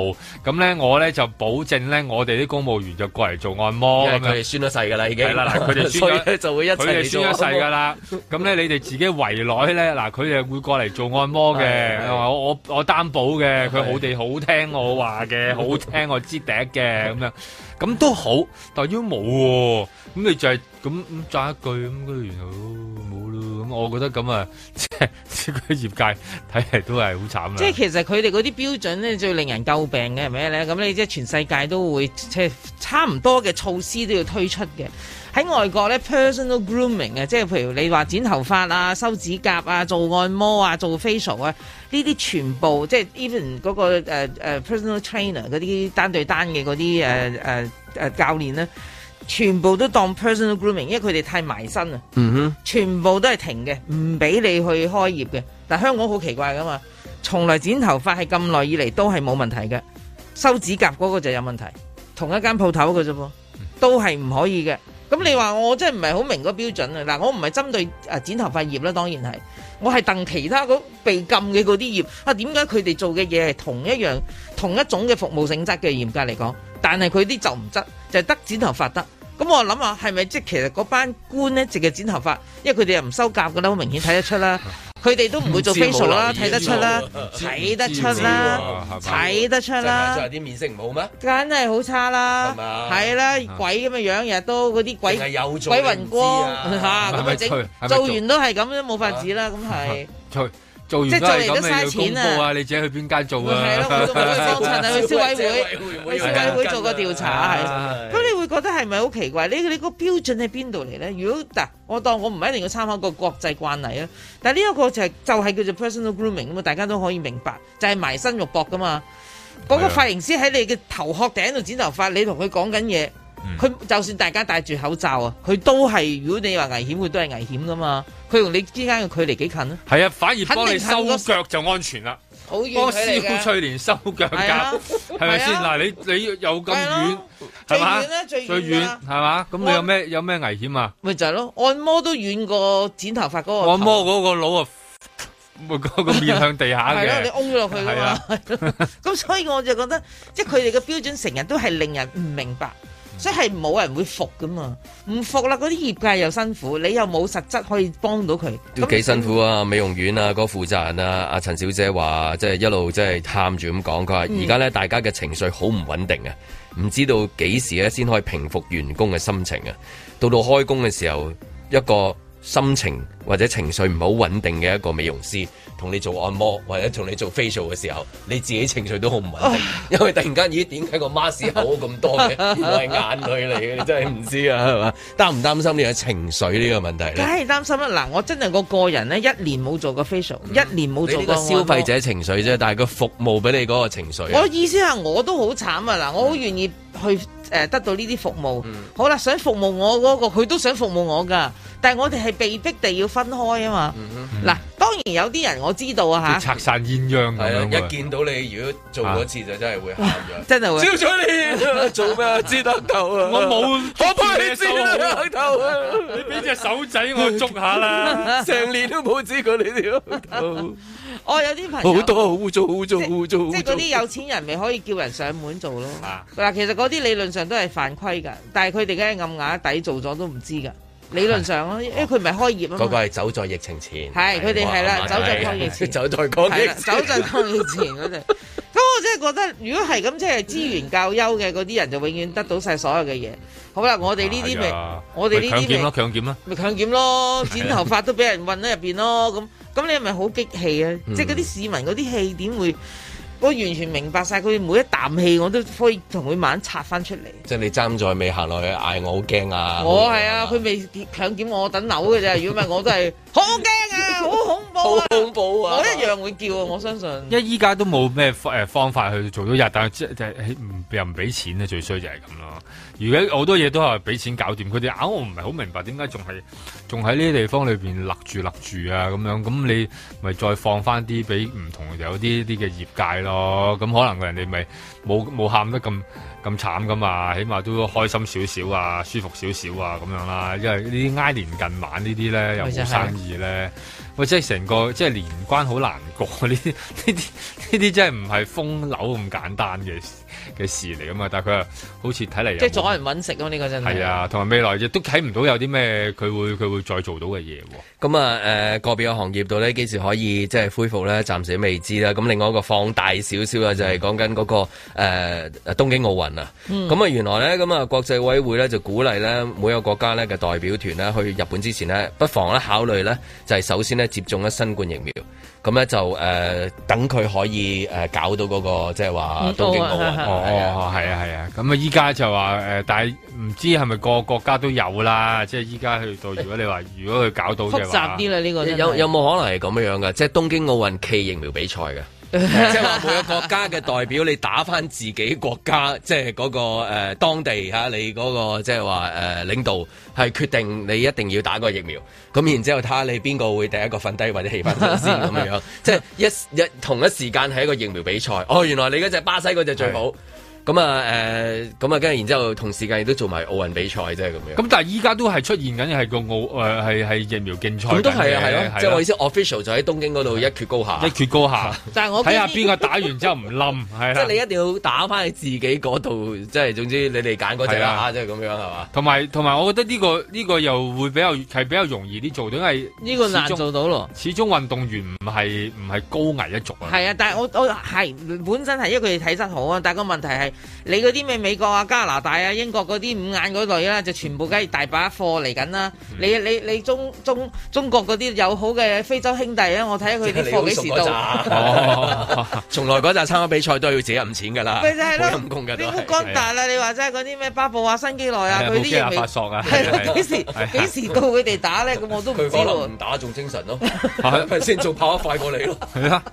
咁咧，我咧就保證咧，我哋啲公務員就過嚟做按摩。佢哋算得細噶啦，已經係啦，佢哋算咗，就會一切你做。佢哋算得細噶啦，咁咧你哋自己圍內咧，嗱佢哋會過嚟做按摩嘅，我我我擔保嘅，佢好哋好聽我話嘅，好聽我支笛嘅咁樣，咁都好，但係要冇咁你就係咁咁讚一句咁，原來冇。我覺得咁啊，即係嗰啲業界睇嚟都係好慘啊。即係其實佢哋嗰啲標準咧，最令人詬病嘅係咩咧？咁你即係全世界都會即係差唔多嘅措施都要推出嘅。喺外國咧，personal grooming 啊，即係譬如你話剪頭髮啊、修指甲啊、做按摩啊、做 facial 啊，呢啲全部即係 even 嗰、嗰個誒、uh, uh, personal trainer 嗰啲單對單嘅嗰啲誒誒誒教練咧、啊。全部都當 personal grooming，因為佢哋太埋身啊，mm hmm. 全部都係停嘅，唔俾你去開業嘅。但香港好奇怪噶嘛，從來剪頭髮係咁耐以嚟都係冇問題嘅，修指甲嗰個就有問題。同一間鋪頭嘅啫噃，都係唔可以嘅。咁你話我真係唔係好明個標準啊？嗱，我唔係針對誒剪頭髮業啦，當然係，我係戥其他嗰被禁嘅嗰啲業啊。點解佢哋做嘅嘢係同一樣、同一種嘅服務性質嘅？嚴格嚟講，但係佢啲就唔得。就係得剪頭髮得，咁我諗下，係咪即係其實嗰班官咧，淨係剪頭髮，因為佢哋又唔收假噶啦，好明顯睇得出啦，佢哋都唔會做 facial 啦，睇得出啦，睇得出啦，睇得出啦，真係啲面色唔好咩？梗係好差啦，係啦，鬼咁嘅樣，日都嗰啲鬼鬼雲光嚇，咁啊整做完都係咁都冇法子啦，咁係。即係做嚟都嘥錢啊，啊！你自己去邊間做啊？係咯， 去幫襯啊，去消委會，去消委會做個調查係。咁你會覺得係咪好奇怪？你你個標準喺邊度嚟咧？如果嗱，我當我唔一定要參考個國際慣例啊，但係呢一個就係就係叫做 personal grooming 啊嘛，大家都可以明白，就係、是、埋身肉搏㗎嘛。嗰、那個髮型師喺你嘅頭殼頂度剪頭髮，你同佢講緊嘢。佢就算大家戴住口罩啊，佢都係如果你話危險，佢都係危險噶嘛。佢同你之間嘅距離幾近啊？係啊，反而幫你收腳就安全啦。好遠嘅，幫蕭翠蓮收腳架，係咪先？嗱，你你有咁遠，係嘛？最遠咧，最遠，最遠係嘛？咁你有咩有咩危險啊？咪就係咯，按摩都遠過剪頭髮嗰個。按摩嗰個腦啊，個面向地下嘅，你安咗落去啊。咁所以我就覺得，即係佢哋嘅標準成日都係令人唔明白。所以係冇人會服噶嘛，唔服啦，嗰啲業界又辛苦，你又冇實質可以幫到佢，都幾辛苦啊！美容院啊，嗰個負責人啊，阿陳小姐話，即係一路即係喊住咁講，佢話而家呢，大家嘅情緒好唔穩定啊，唔知道幾時咧先可以平復員工嘅心情啊，到到開工嘅時候一個。心情或者情緒唔好穩定嘅一個美容師，同你做按摩或者同你做 facial 嘅時候，你自己情緒都好唔穩定，唉 因為突然間咦點解個 mask 好咁多嘅？唔係 眼淚嚟嘅，你真係唔知啊，係嘛？擔唔擔心呢個情緒呢個問題？梗係擔心啊！嗱，我真係個個人咧，一年冇做過 facial，一年冇、嗯、做呢個消費者情緒啫，但係個服務俾你嗰個情緒。我意思係我都好慘啊！嗱，我好願意去。得到呢啲服務，好啦，想服務我嗰個，佢都想服務我噶，但我哋係被逼地要分開啊嘛。嗱，當然有啲人我知道啊嚇。拆散鴛鴦咁樣。一見到你如果做嗰次就真係會喊著，真係會。燒咗你做咩？黐得頭啊！我冇，我怕你黐得頭啊！你畀隻手仔我捉下啦，成年都冇黐過你啲頭我有啲朋友好多好污糟，污糟，污糟，即係嗰啲有錢人咪可以叫人上門做咯。嗱，其實嗰啲理論上都係犯規㗎，但係佢哋梗係暗啞底做咗都唔知㗎。理論上咯，因為佢唔係開業啊嘛。嗰個係走在疫情前，係佢哋係啦，走在抗疫前，走在抗走在抗疫前嗰陣。咁我真係覺得，如果係咁，即係資源較優嘅嗰啲人就永遠得到晒所有嘅嘢。好啦，我哋呢啲咪，我哋呢啲咪強檢咯，強檢啦，咪強檢咯，剪頭髮都俾人韞喺入邊咯，咁。咁你係咪好激氣啊？嗯、即係嗰啲市民嗰啲氣點會？我完全明白晒佢每一啖氣，我都可以同佢慢慢拆翻出嚟。即係你爭在未行落去嗌我，我，好驚啊！我係啊，佢未強點我等樓㗎啫。如果唔係，我都係。 好驚啊！好恐怖啊！好 恐怖啊！我一樣會叫啊！我相信，因為依家都冇咩方法去做到日，但係即係又唔俾錢咧，最衰就係咁咯。如果好多嘢都係俾錢搞掂，佢哋眼我唔係好明白點解仲係仲喺呢啲地方裏面勒住勒住啊！咁樣咁你咪再放翻啲俾唔同有啲啲嘅業界咯。咁可能人哋咪冇冇喊得咁。咁慘噶嘛，起碼都開心少少啊，舒服少少啊，咁樣啦，因為呢啲挨年近晚呢啲咧、嗯、又冇生意咧。是喂，即係成個即係年關好難過，呢啲呢啲呢啲真係唔係封樓咁簡單嘅嘅事嚟啊嘛！但係佢話好似睇嚟即係阻人揾食咯、啊，呢、這個真係係啊，同埋未來亦都睇唔到有啲咩佢會佢會再做到嘅嘢喎。咁啊誒個別嘅行業度呢，幾時可以即係恢復呢？暫時未知啦。咁另外一個放大少少啊，就係、是、講緊嗰、那個誒、呃、東京奧運啊。咁啊、嗯、原來呢，咁啊國際委會呢，就鼓勵呢每個國家呢嘅代表團呢，去日本之前呢，不妨考慮呢，就係首先接種咗新冠疫苗，咁咧就誒、呃、等佢可以誒、呃、搞到嗰、那個即係話東京奧運、啊、哦，係啊係啊，咁啊依家就話誒，但係唔知係咪個個國家都有啦，的即係依家去到，如果你話、欸、如果佢搞到複雜啲咧，呢、這個、就是、有有冇可能係咁樣噶？的即係東京奧運暨疫苗比賽嘅。 即係話每個國家嘅代表，你打翻自己國家，即係嗰個誒、呃、當地吓、啊，你嗰、嗰個即係話誒領導係決定你一定要打個疫苗，咁然之後睇下你邊個會第一個瞓低或者起翻身先咁樣， 即係一一同一時間係一個疫苗比賽。哦，原來你嗰隻巴西嗰隻最好。咁啊，誒，咁啊，跟住然之後同時間亦都做埋奧運比賽，即係咁樣。咁但係依家都係出現緊係個奧，誒，係係疫苗競賽。咁都係啊，係啊，即係我意思，official 就喺東京嗰度一決高下，一決高下。但係我睇下邊個打完之後唔冧，係即係你一定要打翻你自己嗰度，即係總之你哋揀嗰隻啦，即係咁樣係嘛？同埋同埋，我覺得呢個呢個又會比較係比較容易啲做到，因為呢個難做到咯。始終運動員唔係唔係高危一族啊。係啊，但係我我係本身係因為佢哋體質好啊，但係個問題係。你嗰啲咩美國啊、加拿大啊、英國嗰啲五眼嗰類啦，就全部梗係大把貨嚟緊啦。你你你中中中國嗰啲友好嘅非洲兄弟咧，我睇下佢啲貨幾時到。從來嗰紮參加比賽都要自己入錢噶啦，係咪？係啦，係咪？唔你唔該大啦。你話齋嗰啲咩巴布亞、新幾內亞，佢啲嘢未啊。幾時幾時到佢哋打咧？咁我都唔知。佢可能唔打仲精神咯，咪先仲跑得快過你咯。係啊。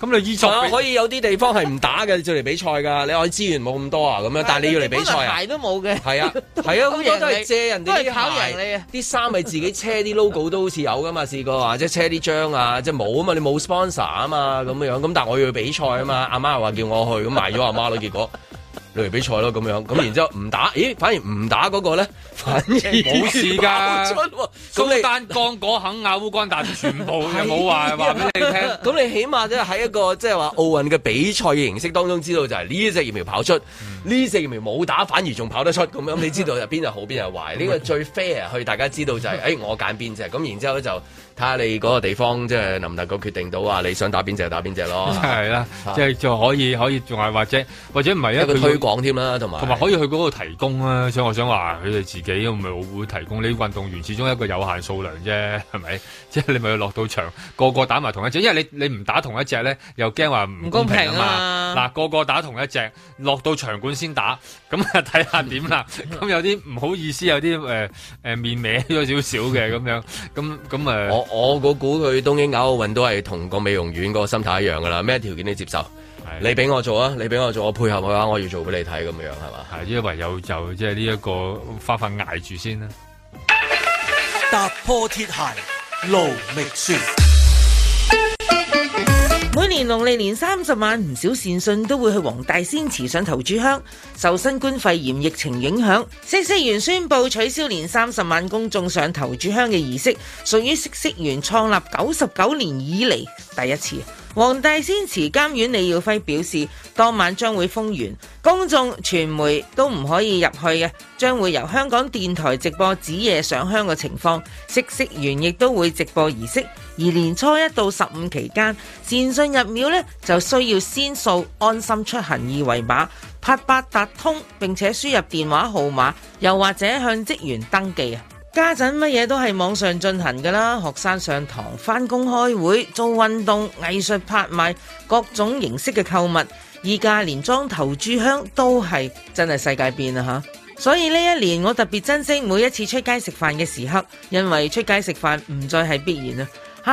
咁你依家、啊、可以有啲地方係唔打嘅就嚟比賽噶，你話資源冇咁多啊咁樣，但你要嚟比賽 啊，都冇嘅，係啊，係啊，好多都係借人哋 你啊，啲衫咪自己車啲 logo 都好似有噶嘛，試過啊，即係車啲章啊，即係冇啊嘛，你冇 sponsor 啊嘛，咁樣，咁但我要去比賽啊嘛，阿媽又話叫我去，咁賣咗阿媽咯，結果。嚟比賽咯，咁樣咁然之後唔打，咦反而唔打嗰個咧反而冇事噶，蘇 你丹剛果肯亞烏干達全部係冇壞話俾 你聽，咁你起碼即咧喺一個即係話奧運嘅比賽嘅形式當中，知道就係呢隻疫苗跑出，呢隻、嗯、疫苗冇打反而仲跑得出，咁樣你知道入邊係好邊係壞，呢個最 fair 去大家知道就係、是，誒、 哎、我揀邊隻，咁然之後就。睇下你嗰個地方即係能唔能夠決定到話你想打邊隻打邊隻咯，係啦、嗯，即係 就可以可以仲係或者或者唔係一個推廣添、啊、啦，同埋同埋可以去嗰個提供啊。所以我想話佢哋自己唔係會,會提供呢運動員始終一個有限數量啫，係咪？即、就、係、是、你咪落到場個個打埋同一隻，因為你你唔打同一隻咧，又驚話唔公平啊嘛！嗱、啊，個個打同一隻，落到場館先打，咁啊睇下 點啦。咁有啲唔好意思，有啲誒誒面歪咗少少嘅咁樣，咁咁我估佢東京搞奧運都係同個美容院嗰個心態一樣噶啦，咩條件你接受，的你俾我做啊，你俾我做，我配合佢啊，我要做俾你睇咁樣係嘛？係因為有就、這個，即係呢一個花花捱住先啦。踏破鐵鞋路未絕。每年農曆年三十晚，唔少善信都會去黃大仙祠上頭炷香。受新冠肺炎疫情影響，嗇色園宣布取消年三十晚公眾上頭炷香嘅儀式，屬於嗇色園創立九十九年以嚟第一次。黃大仙祠監院李耀輝表示，當晚將會封園，公眾傳媒都唔可以入去嘅，將會由香港電台直播子夜上香嘅情況。嗇色園亦都會直播儀式。而年初一到十五期間，善信入廟呢就需要先掃安心出行二維碼、拍八達通，並且輸入電話號碼，又或者向職員登記。家陣乜嘢都係網上進行噶啦，學生上堂、返工、開會、做運動、藝術拍賣、各種形式嘅購物，而家連裝頭炷香都係，真係世界變啦吓！所以呢一年我特別珍惜每一次出街食飯嘅時刻，因為出街食飯唔再係必然啊，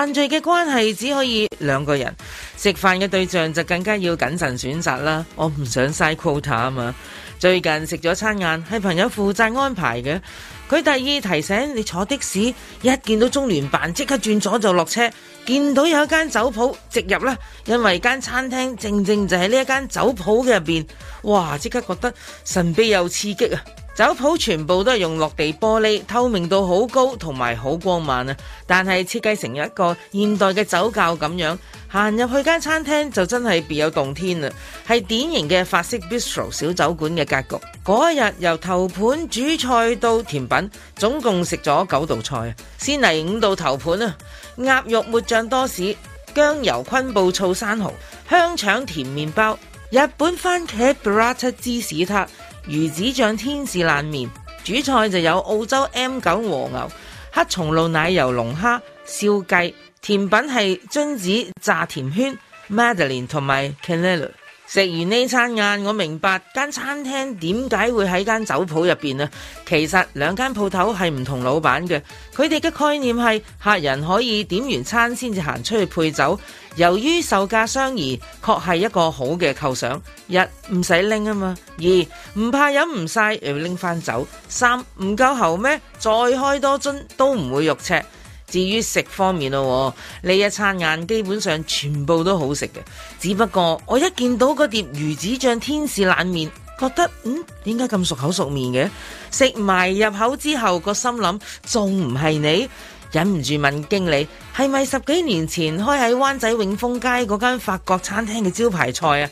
限聚嘅關係只可以兩個人食飯嘅對象就更加要謹慎選擇啦。我唔想晒 quota 啊嘛！最近食咗餐晏，係朋友負責安排嘅。佢特意提醒你坐的士，一見到中聯辦即刻轉左就落車，見到有一間酒鋪直入啦，因為間餐廳正正就喺呢一間酒鋪嘅入邊，哇！即刻覺得神秘又刺激啊！酒舖全部都係用落地玻璃，透明度好高同埋好光猛。啊！但係設計成一個現代嘅酒窖咁樣，行入去間餐廳就真係別有洞天啦！係典型嘅法式 bistro 小酒館嘅格局。嗰一日由頭盤、主菜到甜品，總共食咗九道菜。先嚟五道頭盤啊，鴨肉抹醬多士、薑油昆布醋生蠔、香腸甜麵包、日本番茄 b 布拉塔芝士塔。魚子醬天使冷麵，主菜就有澳洲 M9 和牛、黑松露奶油龍蝦、燒雞，甜品係榛子炸甜圈、Madeline 同埋 Canelle。食完呢餐晏，我明白間餐廳點解會喺間酒鋪入面呢，其實兩間鋪頭係唔同老闆嘅，佢哋嘅概念係客人可以點完餐先至行出去配酒。由於售價相宜，確係一個好嘅構想。一唔使拎啊嘛，二唔怕飲唔晒，又要拎翻酒，三唔夠喉咩再開多樽都唔會肉赤。至於食方面咯，你一餐晏基本上全部都好食嘅。只不過我一見到嗰碟魚子醬天使冷麵，覺得，嗯，點解咁熟口熟面嘅？食埋入口之後個心諗，仲唔係你？忍唔住問經理係咪十幾年前開喺灣仔永豐街嗰間法國餐廳嘅招牌菜啊？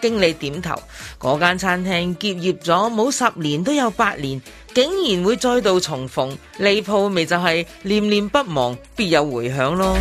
經理點頭，嗰間餐廳結業咗冇十年都有八年。竟然會再度重逢，離譜，咪就係念念不忘，必有回響咯。